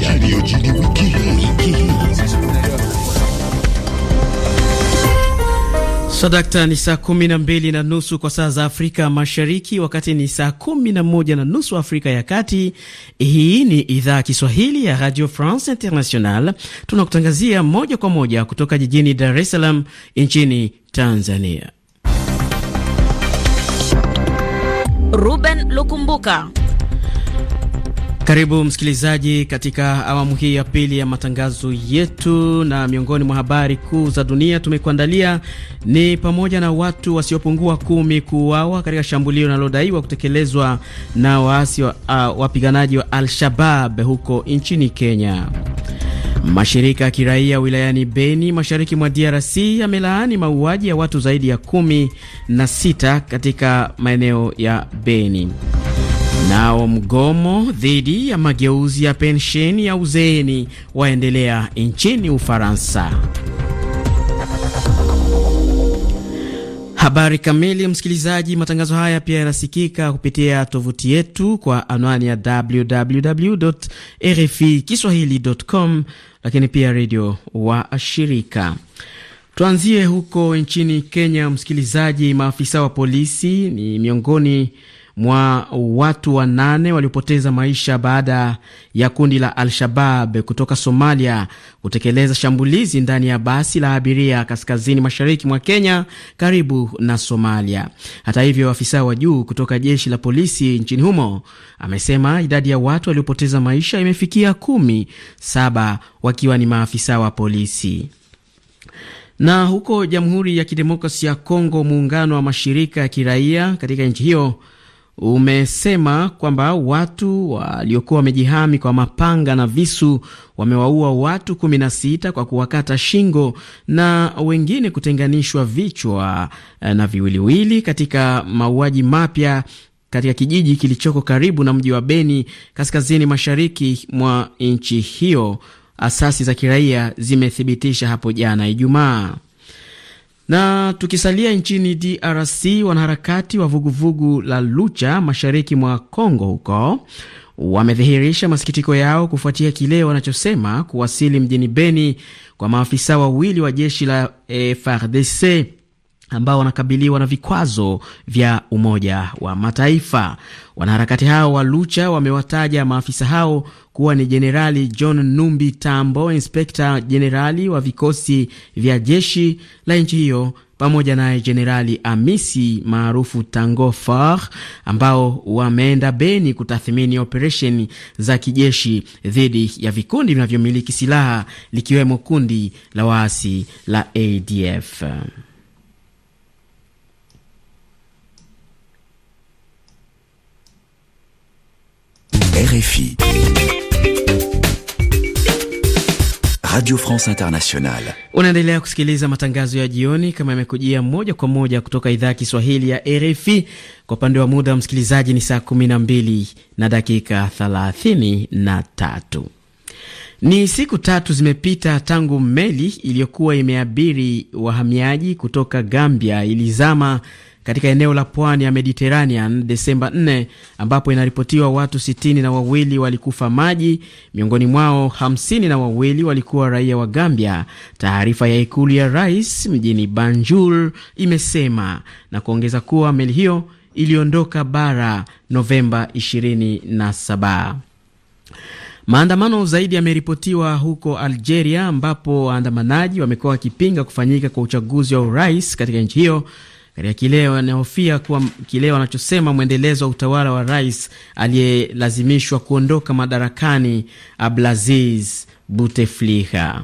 yaliyojiri wiki hii. Sadakta ni saa kumi na mbili na nusu kwa saa za Afrika Mashariki, wakati ni saa kumi na moja na nusu Afrika ya Kati. Hii ni idhaa Kiswahili ya Radio France International, tunakutangazia moja kwa moja kutoka jijini Dar es Salaam nchini Tanzania. Ruben Lukumbuka karibu msikilizaji katika awamu hii ya pili ya matangazo yetu, na miongoni mwa habari kuu za dunia tumekuandalia ni pamoja na watu wasiopungua kumi kuuawa katika shambulio linalodaiwa kutekelezwa na waasi wa, uh, wapiganaji wa Al-Shabab huko nchini Kenya. Mashirika ya kiraia wilayani Beni mashariki mwa DRC yamelaani mauaji ya watu zaidi ya kumi na sita katika maeneo ya Beni. Nao mgomo dhidi ya mageuzi ya pensheni ya uzeeni waendelea nchini Ufaransa. Habari kamili, msikilizaji. Matangazo haya pia yanasikika kupitia tovuti yetu kwa anwani ya www RFI kiswahilicom, lakini pia redio wa shirika. Tuanzie huko nchini Kenya, msikilizaji. Maafisa wa polisi ni miongoni mwa watu wanane waliopoteza maisha baada ya kundi la Al-Shabab kutoka Somalia kutekeleza shambulizi ndani ya basi la abiria kaskazini mashariki mwa Kenya karibu na Somalia. Hata hivyo, afisa wa juu kutoka jeshi la polisi nchini humo amesema idadi ya watu waliopoteza maisha imefikia kumi, saba wakiwa ni maafisa wa polisi. Na huko Jamhuri ya Kidemokrasia ya Kongo, muungano wa mashirika ya kiraia katika nchi hiyo umesema kwamba watu waliokuwa wamejihami kwa mapanga na visu wamewaua watu 16 kwa kuwakata shingo na wengine kutenganishwa vichwa eh, na viwiliwili katika mauaji mapya katika kijiji kilichoko karibu na mji wa Beni kaskazini mashariki mwa nchi hiyo, asasi za kiraia zimethibitisha hapo jana Ijumaa. Na tukisalia nchini DRC, wanaharakati wa vuguvugu la Lucha mashariki mwa congo huko wamedhihirisha masikitiko yao kufuatia kile wanachosema kuwasili mjini Beni kwa maafisa wawili wa jeshi la FARDC ambao wanakabiliwa na vikwazo vya Umoja wa Mataifa. Wanaharakati hao wa Lucha wamewataja maafisa hao kuwa ni Jenerali John Numbi Tambo, inspekta jenerali wa vikosi vya jeshi la nchi hiyo pamoja naye Jenerali Amisi maarufu Tangofar ambao wameenda Beni kutathmini operesheni za kijeshi dhidi ya vikundi vinavyomiliki silaha likiwemo kundi la waasi la ADF. RFI. Radio France Internationale. Unaendelea kusikiliza matangazo ya jioni kama yamekujia moja kwa moja kutoka idhaa ya Kiswahili ya RFI. Kwa upande wa muda wa msikilizaji ni saa 12 na dakika 33. Ni siku tatu zimepita tangu meli iliyokuwa imeabiri wahamiaji kutoka Gambia ilizama katika eneo la pwani ya Mediterranean Desemba 4 ambapo inaripotiwa watu sitini na wawili walikufa maji, miongoni mwao hamsini na wawili walikuwa raia wa Gambia. Taarifa ya ikulu ya rais mjini Banjul imesema na kuongeza kuwa meli hiyo iliondoka bara Novemba 27. Maandamano zaidi yameripotiwa huko Algeria ambapo waandamanaji wamekuwa wakipinga kufanyika kwa uchaguzi wa urais katika nchi hiyo katika kile wanahofia kuwa kile wanachosema mwendelezo wa utawala wa rais aliyelazimishwa kuondoka madarakani Abdelaziz Bouteflika.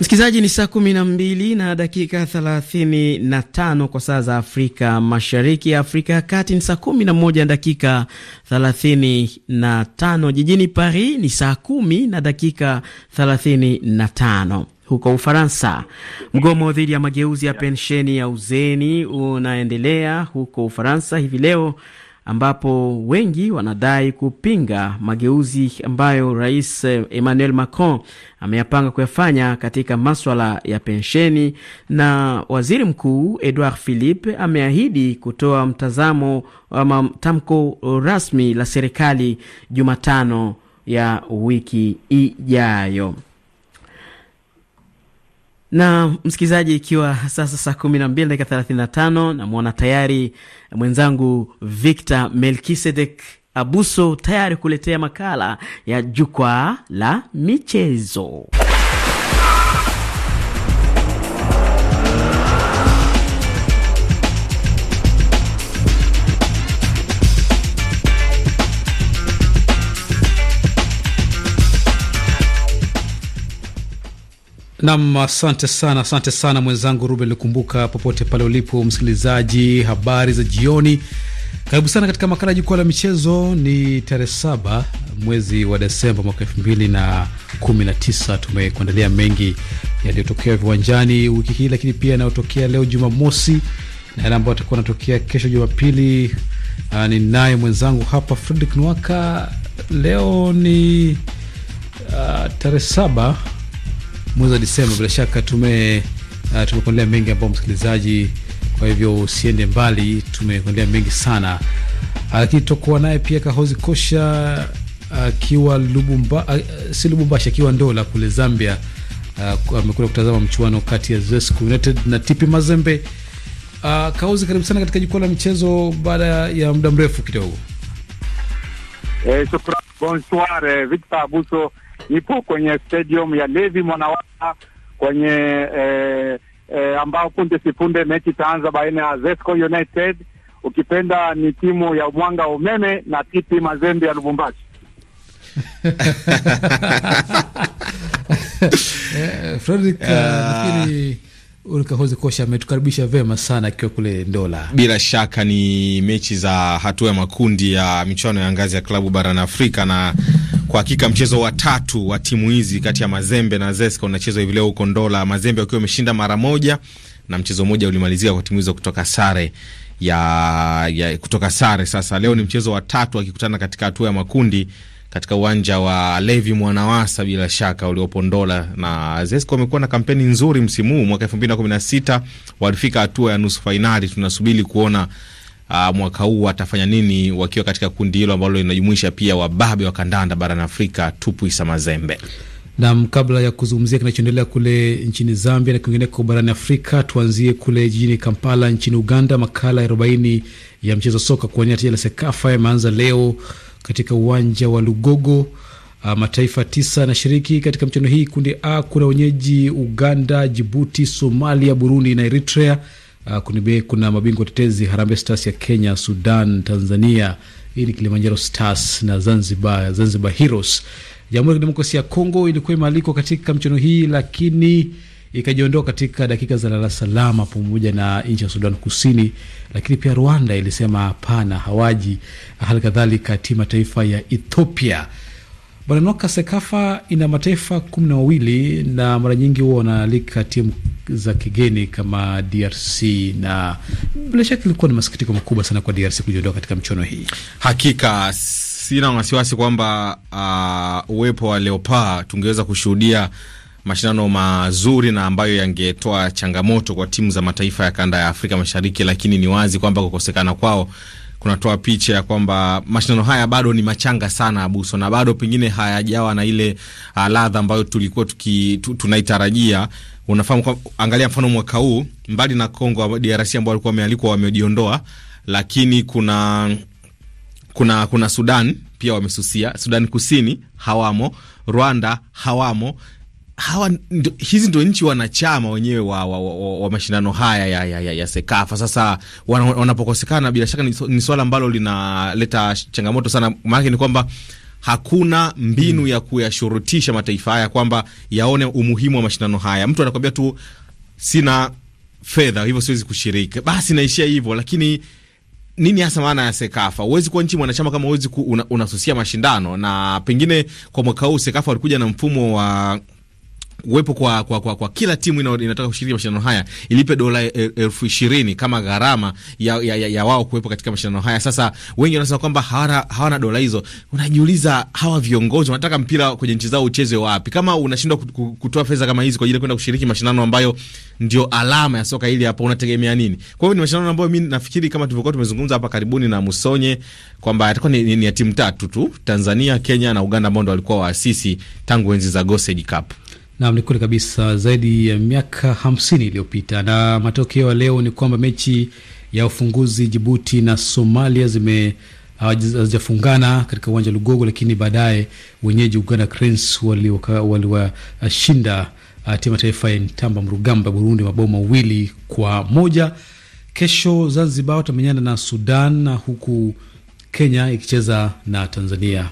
Msikilizaji, ni saa kumi na mbili na dakika thelathini na tano kwa saa za Afrika Mashariki. Afrika ya Kati ni saa kumi na moja na dakika thelathini na tano jijini Paris ni saa kumi na dakika thelathini na tano huko Ufaransa, mgomo dhidi ya mageuzi ya pensheni ya uzeni unaendelea huko Ufaransa hivi leo ambapo wengi wanadai kupinga mageuzi ambayo Rais Emmanuel Macron ameyapanga kuyafanya katika maswala ya pensheni, na Waziri Mkuu Edouard Philippe ameahidi kutoa mtazamo ama tamko rasmi la serikali Jumatano ya wiki ijayo na msikilizaji, ikiwa sasa saa kumi na mbili dakika thelathini na tano namwona tayari mwenzangu Victor Melkisedek Abuso tayari kuletea makala ya jukwaa la michezo. Nam, asante sana, asante sana mwenzangu Ruben Likumbuka, popote pale ulipo msikilizaji. Habari za jioni, karibu sana katika makala ya jukwaa la michezo. Ni tarehe saba mwezi wa Desemba mwaka elfu mbili na kumi na tisa. Tumekuandalia mengi yaliyotokea viwanjani wiki hii, lakini pia yanayotokea leo Jumamosi na yale ambayo atakuwa anatokea kesho Jumapili. Ah, naye mwenzangu hapa Fredrik Nwaka. Leo ni uh, tarehe saba mwezi wa Disemba. Bila shaka tume uh, tumekuandalia mengi ambao msikilizaji, kwa hivyo usiende mbali, tumekuandalia mengi sana, uh, lakini tokuwa naye pia Kahozi Kosha uh, akiwa Lubumba, uh, si Lubumbashi, akiwa Ndola kule Zambia. Uh, kutazama mchuano kati ya Zesco United na TP Mazembe. Uh, Kauzi, karibu sana katika jukwaa la michezo baada ya muda mrefu kidogo. Eh, shukrani. Bonsoir, eh, Victor Abuso nipo kwenye stadium ya Levi Mwanawasa kwenye eh, eh, ambao punde sipunde mechi itaanza baina ya Zesco United, ukipenda ni timu ya Mwanga wa Umeme na TP Mazembe ya Lubumbashi. Eh, Fredrick, eh, nafikiri Ulka Kosha ametukaribisha vema sana akiwa kule Ndola. Bila shaka ni mechi za hatua ya makundi ya michuano ya ngazi ya klabu barani Afrika na kwa hakika mchezo wa tatu wa timu hizi kati ya Mazembe na Zeska unachezwa hivi leo huko Ndola, Mazembe wakiwa wameshinda mara moja na mchezo mmoja ulimalizika kwa timu hizo kutoka sare ya, ya kutoka sare. Sasa leo ni mchezo wa tatu akikutana katika hatua ya makundi katika uwanja wa Levi Mwanawasa bila shaka uliopo Ndola. Na Zesco wamekuwa na kampeni nzuri msimu huu. Mwaka 2016 walifika hatua ya nusu fainali, tunasubiri kuona uh, mwaka huu watafanya nini wakiwa katika kundi hilo ambalo linajumuisha pia wababe wa kandanda barani Afrika, Tupuisa Mazembe. Nam, kabla ya kuzungumzia kinachoendelea kule nchini Zambia na kwingineko barani Afrika, tuanzie kule jijini Kampala nchini Uganda. Makala ya 40 ya mchezo soka kuwania taji la SEKAFA yameanza leo katika uwanja wa Lugogo. Uh, mataifa tisa yanashiriki katika mchezo hii. Kundi A kuna wenyeji Uganda, Jibuti, Somalia, Burundi na Eritrea. Uh, kuna mabingwa tetezi Harambee Stars ya Kenya, Sudan, Tanzania, hii ni Kilimanjaro Stars na Zanzibar, Zanzibar Heroes. Jamhuri ya Kidemokrasia ya Kongo ilikuwa imealikwa katika mchono hii lakini ikajiondoa katika dakika za lala salama pamoja na nchi ya Sudan Kusini, lakini pia Rwanda ilisema hapana, hawaji. Hali kadhalika timu taifa ya Ethiopia Bwana Noka, ina mataifa kumi na mawili na mara nyingi huwa wanaalika timu za kigeni kama DRC na bila shaka ilikuwa ni masikitiko makubwa sana kwa DRC kujiondoa katika mchono hii. Hakika sina wasiwasi kwamba uh, uwepo wa Leopard tungeweza kushuhudia mashindano mazuri na ambayo yangetoa changamoto kwa timu za mataifa ya kanda ya Afrika Mashariki, lakini ni wazi kwamba kukosekana kwao kunatoa picha ya kwamba mashindano haya bado ni machanga sana, Abuso, na bado pengine hayajawa na ile ah, ladha ambayo tulikuwa tuki, tunaitarajia. Unafahamu kwa, angalia mfano mwaka huu, mbali na Kongo DRC ambao walikuwa wamealikwa wamejiondoa, lakini kuna kuna kuna Sudan pia wamesusia, Sudan Kusini hawamo, Rwanda hawamo hawa ndo, hizi ndo nchi wanachama wenyewe wa, wa, wa, wa wa mashindano haya ya, ya, ya, ya Sekafa. Sasa wanapokosekana wana bila shaka ni swala ambalo linaleta changamoto sana, maanake ni kwamba hakuna mbinu mm. ya kuyashurutisha mataifa haya kwamba yaone umuhimu wa mashindano haya. Mtu anakwambia tu sina fedha, hivyo siwezi kushiriki, basi naishia hivyo. Lakini nini hasa maana ya Sekafa? Huwezi kuwa nchi mwanachama kama huwezi unasusia mashindano, na pengine kwa mwaka huu Sekafa walikuja na mfumo wa kuwepo kwa, kwa, kwa, kwa kila timu inayotaka kushiriki mashindano haya ilipe dola eh, elfu ishirini kama gharama ya, ya, ya, ya wao kuwepo katika mashindano haya. Sasa wengi wanasema kwamba hawana, hawana dola hizo. Unajiuliza, hawa viongozi wanataka mpira kwenye nchi zao ucheze wapi kama unashindwa kutoa fedha kama hizi kwa ajili ya kwenda kushiriki mashindano ambayo ndio alama ya soka hili hapo, unategemea nini? Kwa hiyo ni mashindano ambayo mimi nafikiri kama tulivyokuwa tumezungumza hapa karibuni na Musonye kwamba atakuwa ni, ni, ni ya timu tatu tu Tanzania, Kenya na Uganda ambao ndo walikuwa waasisi tangu enzi za Gossage Cup. Nam, ni kweli kabisa, zaidi ya miaka hamsini iliyopita. Na matokeo ya leo ni kwamba mechi ya ufunguzi Jibuti na Somalia zime ah, hazijafungana katika uwanja Lugogo, lakini baadaye wenyeji Uganda Cranes waliwashinda wali ah, timu ya taifa ya Ntamba Mrugamba Burundi mabao mawili kwa moja. Kesho Zanzibar watamenyana na Sudan, huku Kenya ikicheza na Tanzania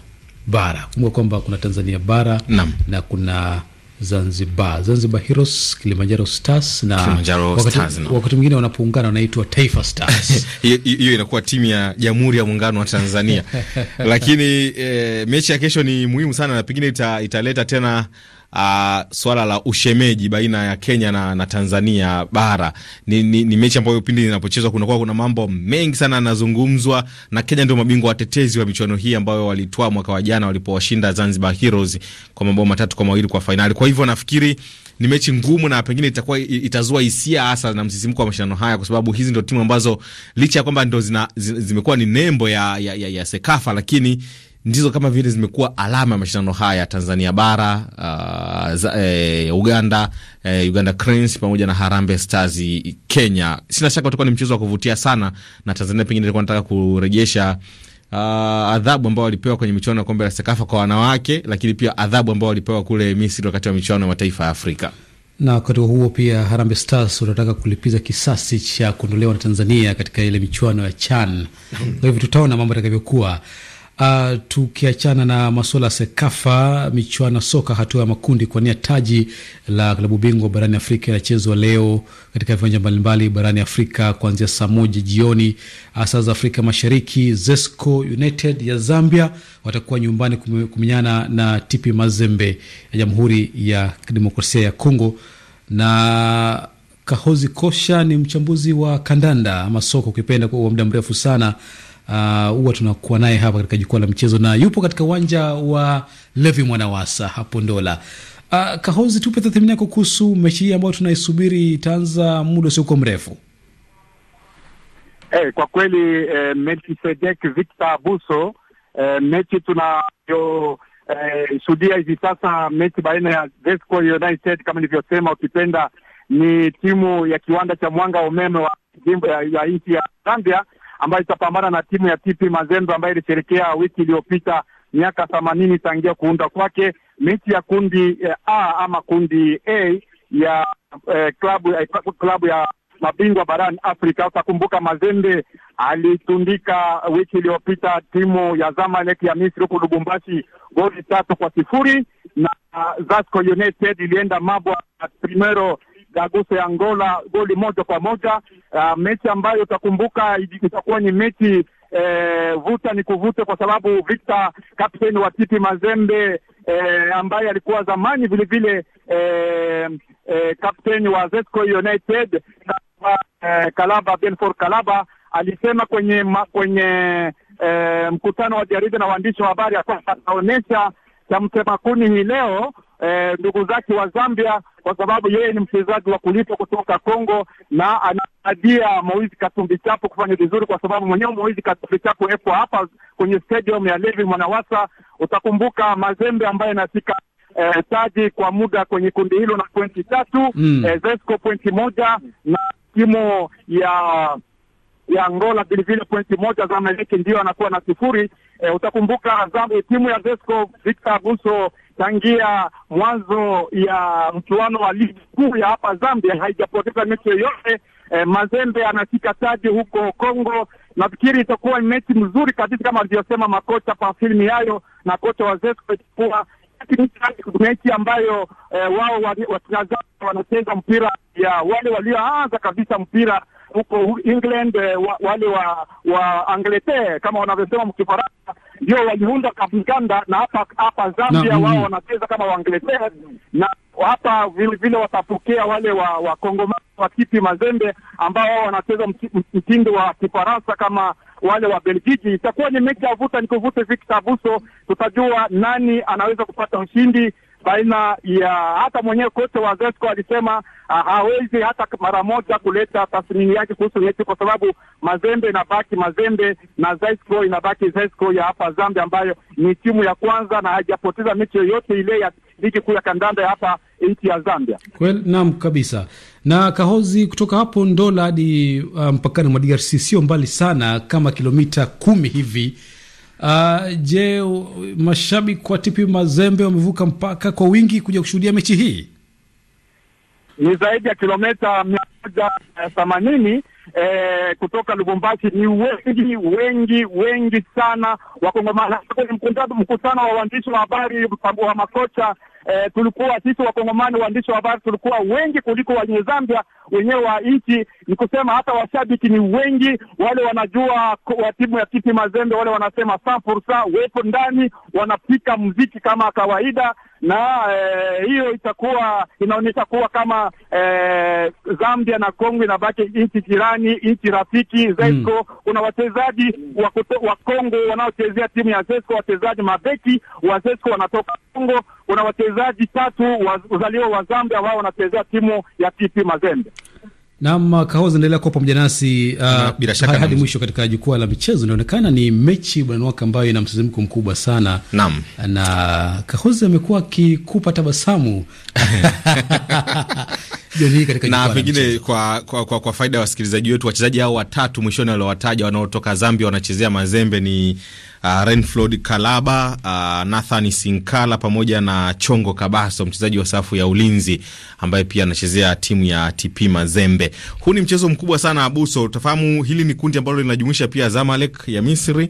Bara. Kumbuka kwamba kuna Tanzania Bara Nam. na kuna Zanzibar, Zanzibar Heroes, Kilimanjaro Stars na Kilimanjaro wakati, Stars, no. Wakati mwingine wanapoungana wanaitwa Taifa Stars. Hiyo inakuwa timu ya Jamhuri ya Muungano wa Tanzania. Lakini eh, mechi ya kesho ni muhimu sana na pengine ita, italeta tena uh, swala la ushemeji baina ya Kenya na, na Tanzania bara ni, ni, ni mechi ambayo pindi inapochezwa kunakuwa kuna mambo mengi sana yanazungumzwa, na Kenya ndio mabingwa watetezi wa michuano hii ambayo walitwaa mwaka wa jana walipowashinda Zanzibar Heroes kwa mabao matatu kwa mawili kwa fainali. Kwa hivyo nafikiri ni mechi ngumu na pengine itakuwa itazua hisia hasa na msisimko wa mashindano haya, kwa sababu hizi ndio timu ambazo licha ya kwamba ndo zimekuwa ni nembo ya, ya, ya, ya Sekafa lakini ndizo kama vile zimekuwa alama ya mashindano haya Tanzania bara uh, za, eh, Uganda eh, Uganda Cranes pamoja na Harambee Stars Kenya. Sina shaka utakuwa ni mchezo wa kuvutia sana, na Tanzania pengine ilikuwa nataka kurejesha uh, adhabu ambao walipewa kwenye michuano ya kombe la Sekafa kwa wanawake, lakini pia adhabu ambao walipewa kule Misri wakati wa michuano ya mataifa ya Afrika na wakati huo pia Harambee Stars wanataka kulipiza kisasi cha kuondolewa na Tanzania katika ile michuano ya CHAN. Kwa hivyo tutaona mambo yatakavyokuwa. Uh, tukiachana na masuala ya Sekafa, michuano soka hatua ya makundi kuwania taji la klabu bingwa barani Afrika inachezwa leo katika viwanja mbalimbali barani Afrika kuanzia saa moja jioni ah, saa za Afrika Mashariki. Zesco United ya Zambia watakuwa nyumbani kumenyana na TP Mazembe ya Jamhuri ya Kidemokrasia ya Kongo. Na Kahozi Kosha ni mchambuzi wa kandanda ama soka ukipenda kwa muda mrefu sana Ah, huwa uh, tunakuwa naye hapa katika jukwaa la mchezo na yupo katika uwanja wa Levi Mwanawasa hapo Ndola. Uh, Kahozi, tupe tathmini yako kuhusu mechi hii ambayo tunaisubiri itaanza muda usiokuwa mrefu. Hey, eh, kwa kweli eh, Melkisedek Victor Abuso eh, mechi tunayo eh, hivi sasa, mechi baina ya Vesco United kama nilivyosema, ukipenda ni timu ya kiwanda cha mwanga wa umeme wa jimbo ya nchi ya Zambia ambayo itapambana na timu ya TP Mazembe ambayo ilisherekea wiki iliyopita miaka themanini tangia kuunda kwake. Mechi ya kundi eh, A ama kundi A ya eh, klabu ya, eh, klabu ya mabingwa barani Afrika. Utakumbuka Mazembe alitundika wiki iliyopita timu ya Zamalek ya Misri huko Lubumbashi goli tatu kwa sifuri na eh, Zasco United ilienda mabwa Primero Gagoso ya Angola goli moja kwa moja. Uh, mechi ambayo utakumbuka itakuwa ni mechi eh, vuta ni kuvute kwa sababu Victor kapteni wa Titi Mazembe eh, ambaye alikuwa zamani vile vile eh, e, eh, kapteni wa Zesco United eh, Kalaba Benfor Kalaba alisema kwenye ma, kwenye eh, mkutano wa jarida na waandishi wa habari kwamba ataonyesha cha msema kuni hii leo eh, ndugu zake wa Zambia, kwa sababu yeye ni mchezaji wa kulipwa kutoka Kongo na anadia Moizi Katumbi Chapo kufanya vizuri, kwa sababu mwenyewe Moizi Katumbi Chapo epo hapa kwenye stadium ya Levi Mwanawasa. Utakumbuka Mazembe ambaye anafika eh, taji kwa muda kwenye kundi hilo na pointi tatu mm. eh, Zesco pointi moja na timu ya ya Angola vilevile pointi moja, Zamalek ndiyo anakuwa na sifuri. E, utakumbuka Azam, timu ya Zesco Victor Abuso tangia mwanzo ya mchuano wa ligi kuu ya hapa Zambia haijapoteza mechi yoyote. E, Mazembe anashika taji huko Kongo. Nafikiri itakuwa mechi mzuri kabisa kama alivyosema makocha kwa filmu yayo na kocha wa Zesco itakuwa mechi ambayo e, wao watazama wanacheza mpira ya wale walioanza kabisa mpira huko England eh, wale wa wa Angleterre kama wanavyosema mkifaransa ndio waliunda kafuganda, na hapa hapa Zambia wao mm. wanacheza kama Waangleterre, na hapa vile vile watapokea wale wa wakongomani wa Tipi Mazembe ambao wao wanacheza mtindo wa Kifaransa kama wale wa Belgiji. Itakuwa ni mechi ya vuta nikuvute, Victor Buso, tutajua nani anaweza kupata ushindi baina ya hata mwenyewe kocha wa Zesco alisema ah, hawezi hata mara moja kuleta tathmini yake kuhusu nyeti, kwa sababu Mazembe inabaki Mazembe na Zesco inabaki Zesco ya hapa Zambia, ambayo ni timu ya kwanza na haijapoteza mechi yoyote ile ya ligi kuu ya kandanda ya hapa nchi ya Zambia. Kweli, naam kabisa. Na Kahozi, kutoka hapo Ndola hadi mpakani ah, mpakani mwa DRC sio mbali sana, kama kilomita kumi hivi Uh, je, mashabiki wa TP Mazembe wamevuka mpaka kwa wingi kuja kushuhudia mechi hii? Ni zaidi ya kilomita mia moja eh, themanini eh, kutoka Lubumbashi. Ni wengi wengi wengi sana Wakongomani. Mkutano wa waandishi wa habari wa makocha eh, tulikuwa sisi wakongomani waandishi wa habari tulikuwa wengi kuliko wenye Zambia wenyewe wa nchi. Ni kusema hata washabiki ni wengi, wale wanajua wa timu ya Kiti Mazembe wale wanasema sapursa wepo ndani, wanapika mziki kama kawaida na eh, hiyo eh, itakuwa inaonyesha kuwa kama eh, Zambia na Kongo inabaki nchi jirani, nchi rafiki ZESCO. Mm. Kuna wachezaji wa, wa Kongo wanaochezea timu ya ZESCO, wachezaji mabeki wa ZESCO wanatoka Kongo. Kuna wachezaji wachezaji tatu wazaliwa wa Zambia ambao wanachezea timu ya TP Mazembe. Naam, Kahozi, endelea kuwa pamoja nasi uh, na, bila shaka hadi mwisho katika jukwaa la michezo. Inaonekana ni mechi bwanawake ambayo ina msisimko mkubwa sana. Naam. Na Kahozi amekuwa akikupa tabasamu na pengine kwa, kwa, kwa, kwa faida ya wa wasikilizaji wetu, wachezaji hao watatu mwishoni waliowataja wanaotoka Zambia wanachezea Mazembe ni uh, Renfrod Kalaba uh, Nathan Sinkala pamoja na Chongo Kabaso, mchezaji wa safu ya ulinzi ambaye pia anachezea timu ya TP Mazembe. Huu ni mchezo mkubwa sana Abuso, utafahamu hili ni kundi ambalo linajumuisha pia Zamalek ya Misri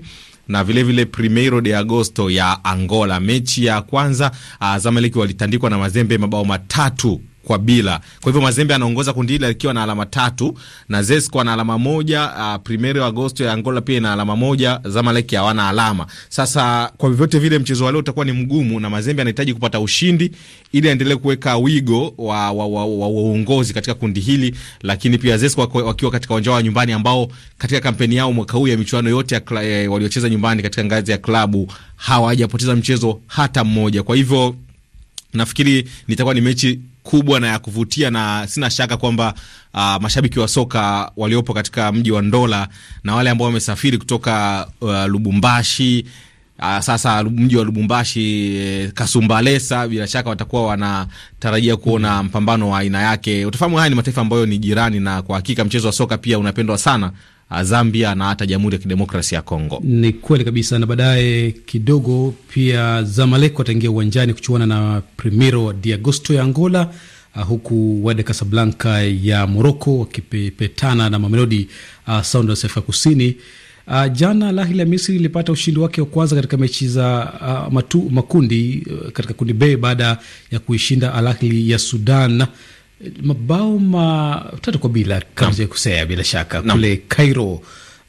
na vilevile Primeiro de Agosto ya Angola. Mechi ya kwanza uh, Zamalek walitandikwa na Mazembe mabao matatu kwa bila. Kwa hivyo Mazembe anaongoza kundi hili akiwa na alama tatu na Zesco ana alama moja, uh, Primero Agosto ya Angola pia ina alama moja, Zamalek hawana alama. Sasa kwa vyovyote vile mchezo wa leo utakuwa ni mgumu na Mazembe anahitaji kupata ushindi ili aendelee kuweka wigo wa, wa, wa, wa, wa uongozi katika kundi hili, lakini pia Zesco wakiwa katika uwanja wa nyumbani ambao katika kampeni yao mwaka huu ya michuano yote ya eh, waliocheza nyumbani katika ngazi ya klabu hawajapoteza mchezo hata mmoja. Kwa hivyo nafikiri nitakuwa ni mechi kubwa na ya kuvutia, na sina shaka kwamba uh, mashabiki wa soka waliopo katika mji wa Ndola na wale ambao wamesafiri kutoka uh, Lubumbashi Uh, sasa mji wa Lubumbashi eh, Kasumbalesa, bila shaka watakuwa wanatarajia kuona mpambano wa aina yake. Utafahamu haya ni mataifa ambayo ni jirani, na kwa hakika mchezo wa soka pia unapendwa sana Uh, Zambia na hata Jamhuri ya Kidemokrasia ya Kongo. Ni kweli kabisa, na baadaye kidogo pia Zamalek wataingia uwanjani kuchuana na Primero de Agosto ya Angola, uh, huku Wydad Casablanca ya Moroko wakipepetana na Mamelodi uh, Sundowns ya Afrika Kusini. Uh, jana Al Ahly ya Misri ilipata ushindi wake wa kwanza katika mechi za uh, matu, makundi uh, katika kundi B baada ya kuishinda Al Ahly ya Sudan mabao matatu kwa bila kama kusea bila shaka Nam. kule Cairo.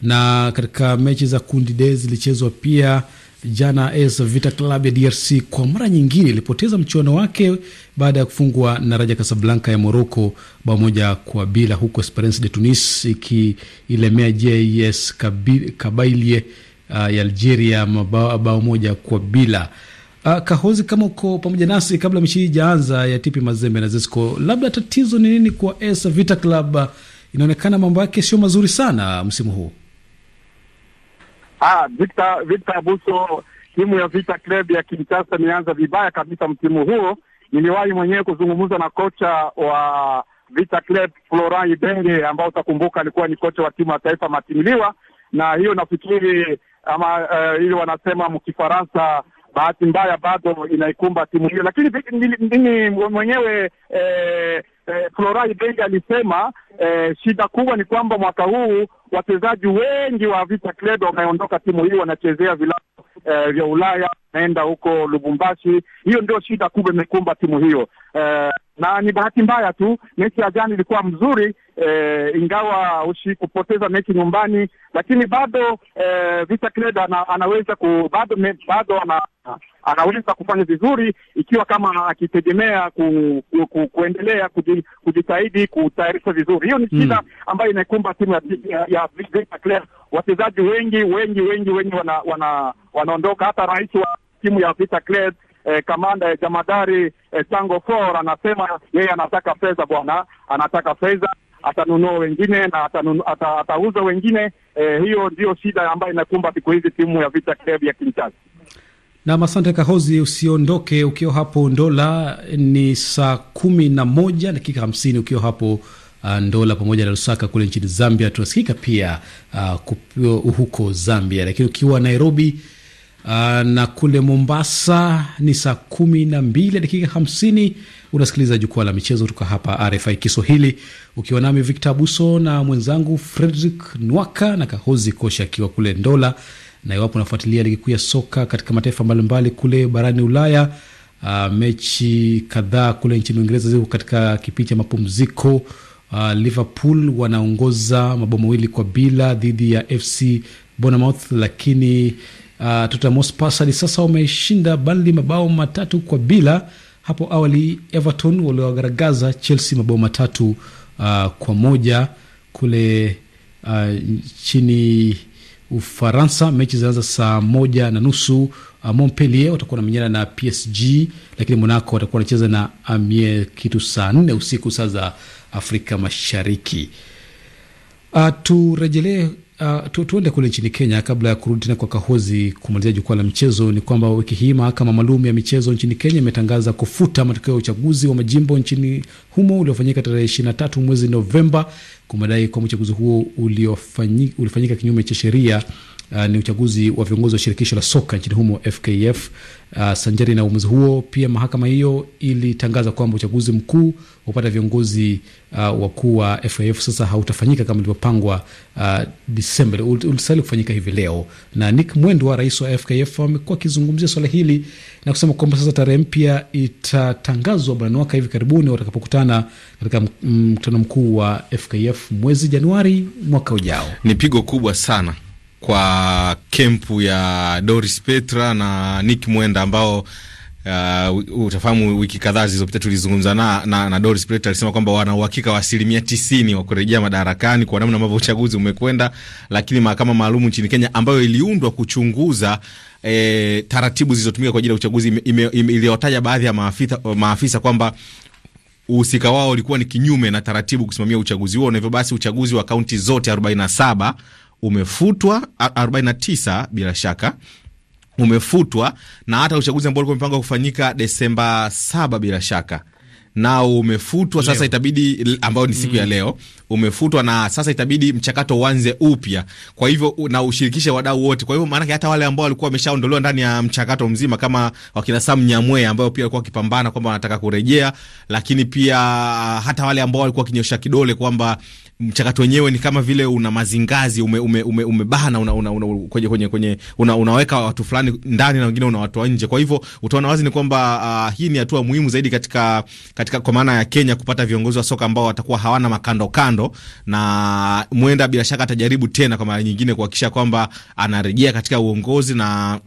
Na katika mechi za kundi D zilichezwa pia jana, AS Vita Club ya DRC kwa mara nyingine ilipoteza mchuano wake baada ya kufungwa na Raja Casablanca ya Morocco bao moja kwa bila, huku Esperance de Tunis ikiilemea JS Kabylie uh, ya Algeria bao moja kwa bila. Uh, Kahozi, kama uko pamoja nasi, kabla mechi hii ijaanza ya TP Mazembe na Zesco, labda tatizo ni nini kwa AS Vita Club? Inaonekana mambo yake sio mazuri sana msimu huu. Ah, Vita Vita Buso, timu ya Vita Club ya Kinshasa imeanza vibaya kabisa msimu huo. Niliwahi mwenyewe kuzungumza na kocha wa Vita Club Florent Ibenge, ambao utakumbuka alikuwa ni kocha wa timu ya taifa Matimiliwa, na hiyo nafikiri ama, uh, eh, ile wanasema mkifaransa bahati mbaya bado inaikumba timu hiyo, lakini mimi mwenyewe eh, eh, Florai Benga alisema eh, shida kubwa ni kwamba mwaka huu wachezaji wengi wa Vita Club wameondoka timu hii, wanachezea vilabu eh, vya Ulaya, wanaenda huko Lubumbashi. Hiyo ndio shida kubwa imekumba timu hiyo eh, na ni bahati mbaya tu, mechi ya jana ilikuwa mzuri eh, ingawa ushi kupoteza mechi nyumbani, lakini bado eh, Vita Club ana, anaweza ku bado me, bado ana anaweza kufanya vizuri ikiwa kama akitegemea ku, ku, ku, kuendelea kujitahidi kutayarisha vizuri. Hiyo ni shida mm, ambayo inaikumba timu ya, ya, ya Vita Club. Wachezaji wengi wengi wengi wengi wana, wana, wanaondoka. Hata rais wa timu ya Vita Club eh, kamanda eh, jamadari eh, Tango For anasema yeye anataka fedha bwana, anataka fedha atanunua wengine na atanunu, ata, atauza wengine eh, hiyo ndiyo shida ambayo inakumba siku hizi timu ya Vita Club ya Kinshasa. Nam, asante Kahozi, usiondoke ukiwa hapo Ndola. Ni saa kumi na moja dakika hamsini ukiwa hapo uh, Ndola pamoja na Lusaka kule nchini Zambia. Tunasikika pia uh, huko Zambia, lakini ukiwa Nairobi uh, na kule Mombasa ni saa kumi na mbili dakika hamsini. Unasikiliza jukwaa la michezo kutoka hapa RFI Kiswahili, ukiwa nami Victor buso na mwenzangu Fredrick Nwaka na Kahozi Kosha akiwa kule Ndola na iwapo unafuatilia ligi kuu ya soka katika mataifa mbalimbali kule barani Ulaya, uh, mechi kadhaa kule nchini Uingereza ziko katika kipindi cha mapumziko. Uh, Liverpool wanaongoza mabao mawili kwa bila dhidi ya FC Bournemouth, lakini uh, Tottenham Hotspur hadi sasa wameshinda Burnley mabao matatu kwa bila. Hapo awali Everton waliwagaragaza Chelsea mabao matatu uh, kwa moja kule uh, nchini uh, Ufaransa. Mechi zinaanza saa moja na nusu. Uh, Montpellier watakuwa wanamenyana na PSG, lakini Monaco watakuwa wanacheza na Amiens kitu saa nne usiku saa za Afrika Mashariki. Uh, turejelee Uh, tuende kule nchini Kenya kabla ya kurudi tena kwa Kahozi kumalizia jukwaa la michezo. Ni kwamba wiki hii mahakama maalum ya michezo nchini Kenya imetangaza kufuta matokeo ya uchaguzi wa majimbo nchini humo uliofanyika tarehe 23 mwezi Novemba kwa madai kwamba uchaguzi huo ulifanyika kinyume cha sheria uh, ni uchaguzi wa viongozi wa shirikisho la soka nchini humo FKF. Uh, sanjari na uamuzi huo, pia mahakama hiyo ilitangaza kwamba uchaguzi mkuu wa upata viongozi uh, wakuu wa FKF sasa hautafanyika kama ilivyopangwa uh, Desemba, ulistahili kufanyika hivi leo. Na Nick Mwendwa, rais wa FKF, amekuwa akizungumzia swala hili na kusema kwamba sasa tarehe mpya itatangazwa barani wake hivi karibuni watakapokutana katika mkutano mkuu wa FKF mwezi Januari mwaka ujao. Ni pigo kubwa sana kwa kempu ya Doris Petra na Nick Mwenda ambao Uh, utafahamu wiki kadhaa zilizopita tulizungumza na, na, na Doris Plet alisema kwamba wana uhakika wa asilimia tisini wa kurejea madarakani kwa namna ambavyo uchaguzi umekwenda, lakini mahakama maalum nchini Kenya ambayo iliundwa kuchunguza E, taratibu zilizotumika kwa ajili ya uchaguzi iliwataja baadhi ya maafisa, maafisa kwamba uhusika wao ulikuwa ni kinyume na taratibu kusimamia uchaguzi huo, na hivyo basi uchaguzi wa kaunti zote 47 umefutwa 49 bila shaka umefutwa na hata uchaguzi ambao ulikuwa umepangwa kufanyika Desemba saba bila shaka nao umefutwa leo. Sasa itabidi ambayo ni siku mm, ya leo umefutwa, na sasa itabidi mchakato uanze upya, kwa hivyo na ushirikishe wadau wote. Kwa hivyo maanake hata wale ambao walikuwa wameshaondolewa ndani ya mchakato mzima kama wakina Sam Nyamwe ambao pia walikuwa wakipambana kwamba wanataka kurejea, lakini pia hata wale ambao walikuwa wakinyosha kidole kwamba mchakato wenyewe ni kama vile una mazingazi umebana una, una, kwenye, una, unaweka watu fulani ndani na wengine unawatoa nje. Kwa hivyo utaona wazi ni kwamba uh, hii ni hatua muhimu zaidi katika, katika kwa maana ya Kenya kupata viongozi wa soka ambao watakuwa hawana makando kando, na mwenda bila shaka atajaribu tena kwa mara nyingine kuhakikisha kwamba anarejea katika uongozi na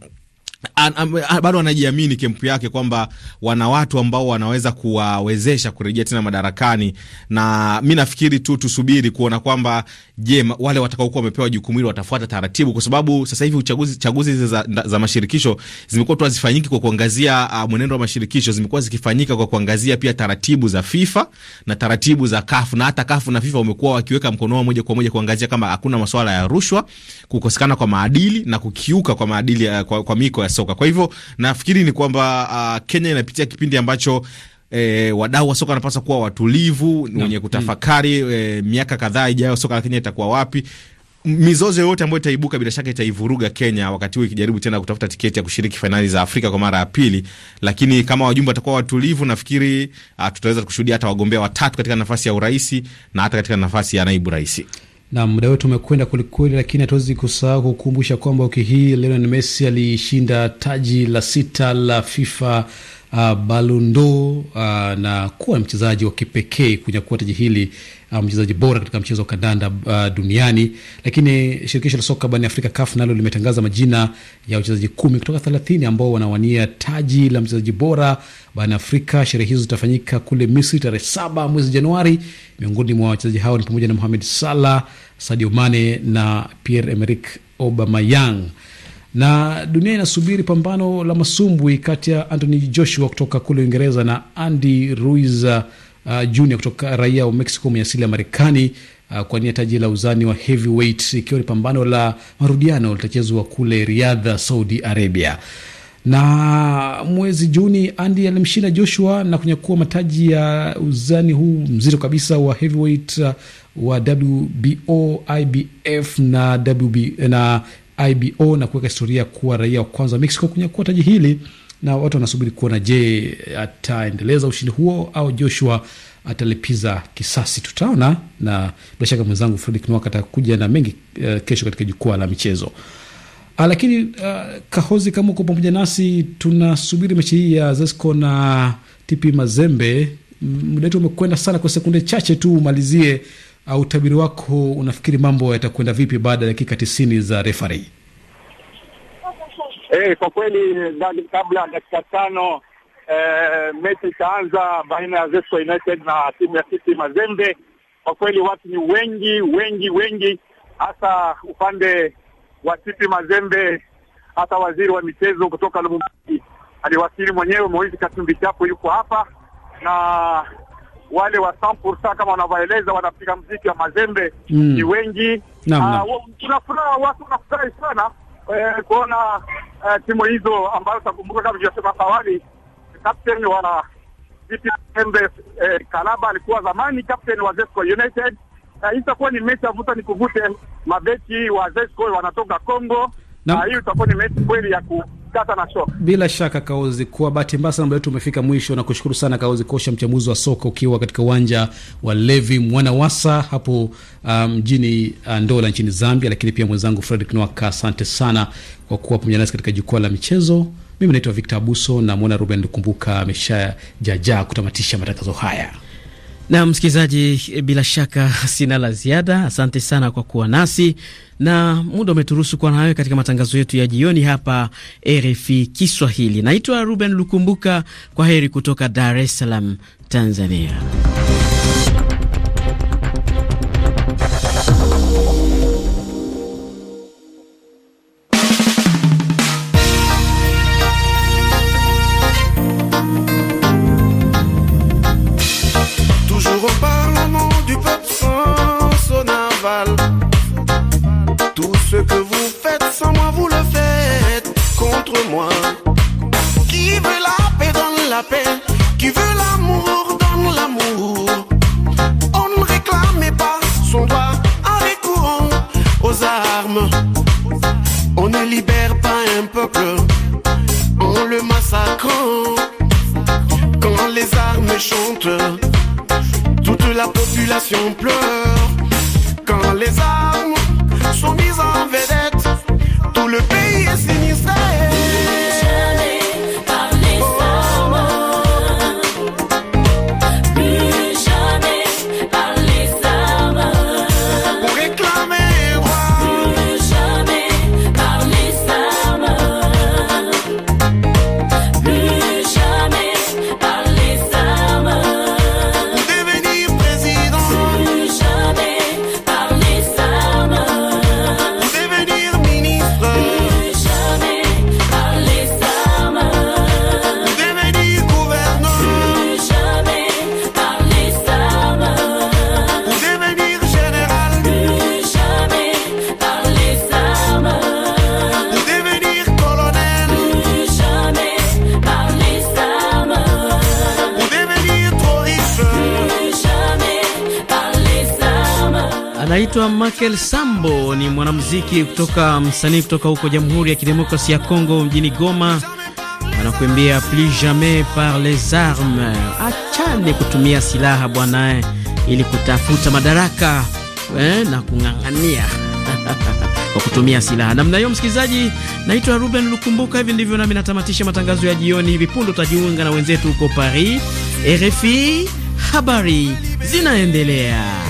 bado anajiamini kempu yake kwamba wana watu ambao wanaweza kuwawezesha kurejea tena madarakani, na mi nafikiri tu tusubiri kuona kwamba je, wale watakaokuwa wamepewa jukumu hili watafuata taratibu, kwa sababu sasa hivi uchaguzi chaguzi za, za mashirikisho zimekuwa tu hazifanyiki kwa kuangazia uh, mwenendo wa mashirikisho, zimekuwa zikifanyika kwa kuangazia pia taratibu za FIFA na taratibu za CAF, na hata CAF na FIFA wamekuwa wakiweka mkono wao moja kwa moja kuangazia kama hakuna masuala ya rushwa, kukosekana kwa maadili na kukiuka kwa maadili kwa, kwa miko ya soka. Kwa hivyo nafikiri ni kwamba uh, Kenya inapitia kipindi ambacho E, wadau wa soka wanapaswa kuwa watulivu no. wenye mm. kutafakari e, miaka kadhaa ijayo soka la Kenya itakuwa wapi? Mizozo yoyote ambayo itaibuka bila shaka itaivuruga Kenya wakati huu ikijaribu tena kutafuta tiketi ya kushiriki fainali za Afrika kwa mara ya pili, lakini kama wajumbe watakuwa watulivu, nafikiri uh, tutaweza kushuhudia hata wagombea watatu katika nafasi ya uraisi na hata katika nafasi ya naibu raisi. Na muda wetu umekwenda kwelikweli, lakini hatuwezi kusahau kukumbusha kwamba wiki hii Lionel Messi alishinda taji la sita la FIFA uh, Ballon d'Or uh, na kuwa mchezaji wa kipekee kunyakua taji hili uh, mchezaji bora katika mchezo wa kandanda uh, duniani. Lakini shirikisho la soka barani Afrika CAF nalo limetangaza majina ya wachezaji kumi kutoka thelathini ambao wanawania taji la mchezaji bora barani Afrika. Sherehe hizo zitafanyika kule Misri tarehe saba mwezi Januari. Miongoni mwa wachezaji hao ni pamoja na Mohamed Salah, Sadio Mane na Pierre Emerick Aubameyang na dunia inasubiri pambano la masumbwi kati ya Anthony Joshua kutoka kule Uingereza na Andy Ruiz uh, uh, Junior kutoka raia wa Mexico mwenye asili ya Marekani uh, kwa nia taji la uzani wa heavyweight, ikiwa ni pambano la marudiano litachezwa kule Riadha, Saudi Arabia. Na mwezi Juni Andy alimshinda Joshua na kunyakua mataji ya uzani huu mzito kabisa wa heavyweight uh, wa WBO, IBF na WB, na IBO na kuweka historia kuwa raia wa kwanza wa Mexico kunyakua taji hili na watu wanasubiri kuona, je, ataendeleza ushindi huo au Joshua atalipiza kisasi? Tutaona, na bila shaka mwenzangu Fredrick Nwaka atakuja na mengi uh, kesho katika jukwaa la michezo. Uh, Lakini uh, Kahozi, kama uko pamoja nasi, tunasubiri mechi hii ya Zesco na TP Mazembe. Muda wetu umekwenda sana, kwa sekunde chache tu umalizie, uh, utabiri wako, unafikiri mambo yatakwenda vipi baada ya dakika tisini za refari? Eh, kwa kweli kabla ya dakika tano eh, mechi itaanza baina ya Zesco United na timu ya City Mazembe. Kwa kweli watu ni wengi wengi wengi, hasa upande wa City Mazembe. Hata waziri wa michezo kutoka Lubumbashi aliwasili mwenyewe, Moizi Katumbi Chapo yuko hapa, na wale wa sampursa kama wanavyoeleza wanapiga mziki wa Mazembe mm. ni wengi. Ah, Tuna furaha, watu wanafurahi sana eh, kuona eh, timu hizo ambazo takumbuka kama vilivyosema hapo awali, captain wa Vitembe eh, Kalaba alikuwa zamani captain wa Zesco United. Uh, itakuwa ni mechi avuta ni kuvute, mabeki wa Zesco wanatoka Congo na ah, hiyo itakuwa ni mechi kweli ya ku sasa na soka. Bila shaka Kaozi, kwa bahati mbaya sana muda wetu umefika mwisho, na kushukuru sana Kaozi Kosha, mchambuzi wa soka, ukiwa katika uwanja wa Levi Mwanawasa hapo uh, mjini um, Ndola nchini Zambia, lakini pia mwenzangu Fredrick Nwaka, asante sana kwa kuwa pamoja nasi katika jukwaa la michezo. Mimi naitwa Victor Abuso na mwana Ruben Kumbuka amesha jajaa kutamatisha matangazo haya. Na msikilizaji, bila shaka sina la ziada. Asante sana kwa kuwa nasi na muda umeturuhusu kuwa nayo katika matangazo yetu ya jioni hapa RFI Kiswahili. Naitwa Ruben Lukumbuka, kwa heri kutoka Dar es Salaam, Tanzania. moi. Qui veut la paix dans la paix. muziki kutoka msanii kutoka huko Jamhuri ya Kidemokrasi ya Kongo mjini Goma, anakuambia plus jamais par les armes, achane kutumia silaha bwanae, ili kutafuta madaraka eh, na kung'ang'ania kwa kutumia silaha namna hiyo. Msikilizaji, naitwa Ruben Lukumbuka. Hivi ndivyo nami natamatisha matangazo ya jioni. Hivi punde utajiunga na wenzetu huko Paris. RFI, habari zinaendelea.